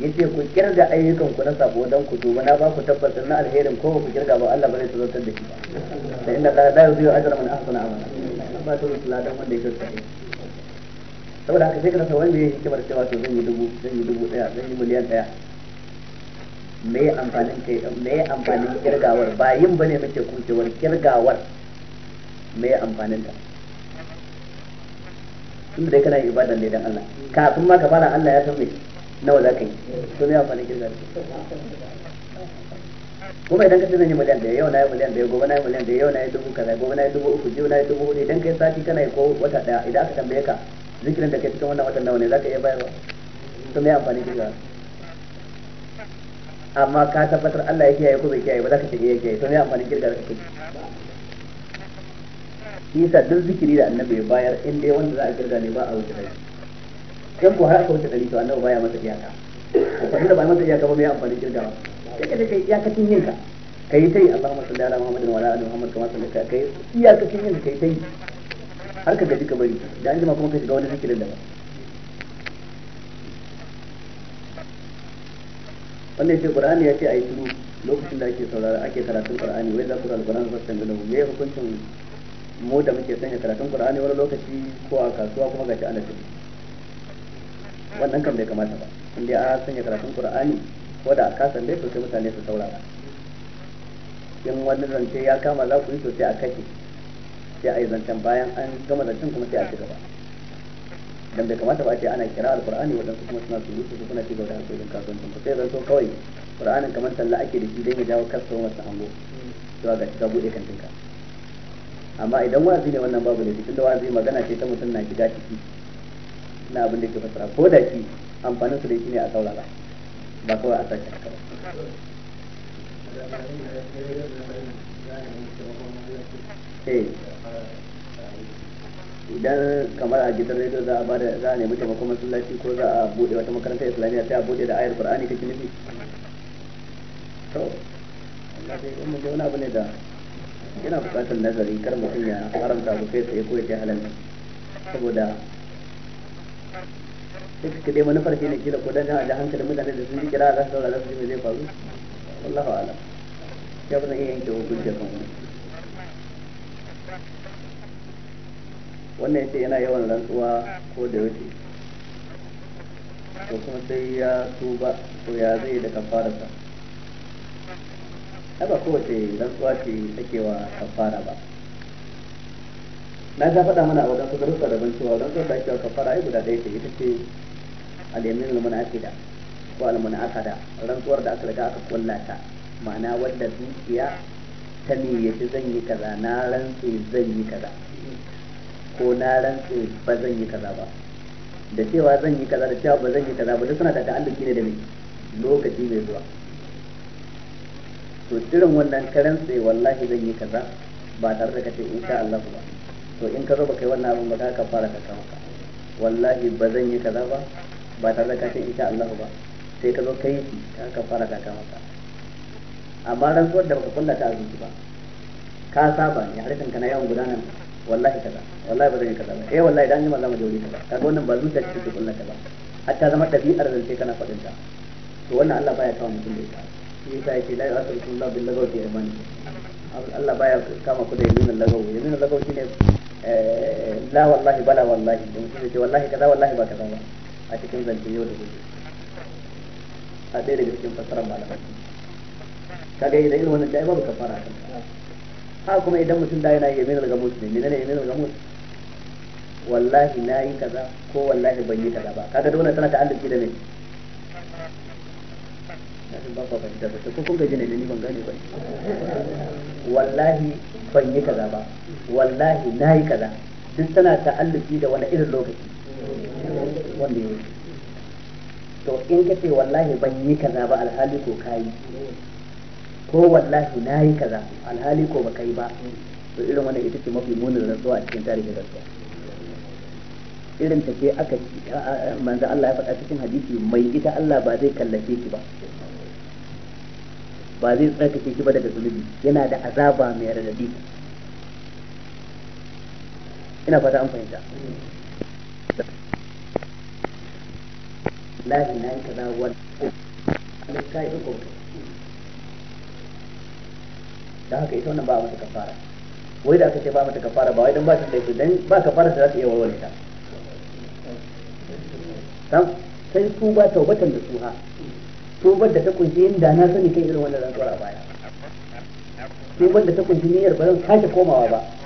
yace ku kirga ayyukan ku na sabo dan ku duba na ba ku tabbatar na alherin ko ku kirga ba Allah bane tazartar da shi sai inna la da yuzu ajra man ahsana amala ba to la dan wanda yake sai saboda haka sai ka rasa wanda yake kimar cewa to zan yi dubu zan yi dubu daya zan yi miliyan daya me amfanin kai me amfanin kirgawar ba yin bane muke kucewar kirgawar me amfanin ta tun da kana ibada ne dan Allah kafin ma ka fara Allah ya san me nawa za ka yi to me amfani kirga kuma idan ka ce zan yi miliyan daya yau na yi miliyan daya gobe na yi miliyan daya yau na yi dubu kaza gobe na yi dubu uku jiya na yi dubu hudu idan yi sati kana yi ko wata daya idan aka tambaye ka zikirin da kai cikin wannan watan nawa ne za ka iya bayarwa to me amfani kirga amma ka tabbatar Allah ya kiyaye ko bai kiyaye ba za ka ce eh ya kiyaye to me amfani kirga da kake shi duk zikiri da annabi ya bayar in dai wanda za a girga ne ba a wuce da shi kan ko har aka wuce ɗari to annabi baya masa iyaka ko fa da ba masa iyaka ba mai amfani ba kake da kai iyakacin yin ka kai tai Allahumma salli ala Muhammad wa ala ali Muhammad kama sallaita kai iyakacin yin kai tai har ka gaji ka bari da an kuma kai shiga wani zikirin da ba wannan shi Qur'ani ya ce ayi turu lokacin da ake saurara ake karatun Qur'ani wai za ku zaka Qur'ani fasan da mu me hukuncin mu da muke sanya karatun Qur'ani wani lokaci ko a kasuwa kuma gashi ana tafi wannan kan bai kamata ba in dai a sanya karatun qur'ani ko da aka san dai sosai mutane su saurara in wani zance ya kama za ku yi sosai a kake sai a yi zancen bayan an gama zancen kuma sai a ci gaba dan bai kamata ba a ce ana kira alqur'ani wadansu kuma suna yi su kuna ci gaba da hankalin kasuwancin Sai sai so kawai qur'anin kamar talla ake da shi dan ya jawo kasuwa masu hango zuwa ga ka bude kantinka amma idan wazi ne wannan babu ne tunda wazi magana ce ta mutum na shiga ciki na abin da ke fasara ko da shi amfanin su da shi ne a saurara ba kawai a sashi kawai eh. idan kamar a gidan rediyo za a bada za a nemi taimakon masallaci ko za a bude wata makaranta islamiyya sai a bude da ayar qur'ani kake nufi to Allah dai mun ga wani abu ne da yana bukatar nazari kar mutum ya haramta ku kai sai ko ya halal saboda duk ka dai manufar shi ne kila ko dan a ji hankalin mutane da sun ji kira za su saurara su ji me zai faru wallahu a'lam ya ba zan iya yanke hukunci kan wani wannan yace yana yawan rantsuwa ko da yace ko kuma sai ya tuba ko ya zai da kafararsa ai ba kowace rantsuwa ce take wa kafara ba na ga faɗa mana a wajen su darussa daban cewa rantsuwar da ake wa kafara ai guda ɗaya ce ita ce al-yamin al da, ko al-munasada rantsuwar da aka riga aka kullata ma'ana wadda zuciya ta niyyaci zan yi kaza na rantsu zan yi kaza ko na rantsu ba zan yi kaza ba da cewa zan yi kaza da cewa ba zan yi kaza ba duk suna da ta'alluki ne da ni lokaci mai zuwa to irin wannan ka sai wallahi zan yi kaza ba tare da kace insha Allah ba to in ka zo ba kai wannan abin ba ka fara ka kawo wallahi ba zan yi kaza ba ba tare da kashe insha Allah ba sai ka zo kai shi ka fara ka ka maka amma zuwa da baka kulla ta azuci ba ka saba ne harkan ka na yawan gudanar wallahi kaza wallahi ba zan yi kaza ba eh wallahi dan jima za mu wuri kaza kaga wannan ba zuciya ce take kulla kaza hatta zama dabi'ar zance kana faɗin ta to wannan Allah baya kawo mutum da ita shi yasa yake la yu'akhidhukum Allah bil lagawi fi imani Allah baya kama ku da yin lagawi yin lagawi shine eh, la wallahi bala wallahi don shi ce wallahi kaza wallahi ba kaza ba a cikin zance yau da gobe a ɗaya daga cikin fassarar malamai kaga idan irin wannan tayi babu kafara kan ha kuma idan mutum da yana yi yamin al-gamus ne menene yamin al-gamus wallahi na yi kaza ko wallahi ban yi kaza ba kaga dole tana ta'alluki da me nasin ba ba da ba ko kun gaji ne ni ban gane ba wallahi ban yi kaza ba wallahi na yi kaza duk tana ta'alluki da wani irin lokaci wanda ya to in ka ce wallahi ban yi kaza ba alhali ko kayi ko wallahi na yi kaza alhali ko ba kai ba to irin wannan ita ce mafi munin rantsuwa a cikin tarihin rantsuwa irin ta ce aka manzo Allah ya faɗa cikin hadisi mai ita Allah ba zai kallace ki ba ba zai tsarkake ki ba daga zunubi yana da azaba mai radadi ina fata an fahimta lahi na yi kaza wani alif ka yi ko da haka ita wannan ba mata kafara wai da aka ce ba mata kafara ba wai don ba ta laifi don ba kafara ta za ta iya warware ta sai su ba taubatan da su tubar da ta kunshi yin na sani kai irin wannan rantsuwar a baya tubar da ta kunshi niyyar ba zan sake komawa ba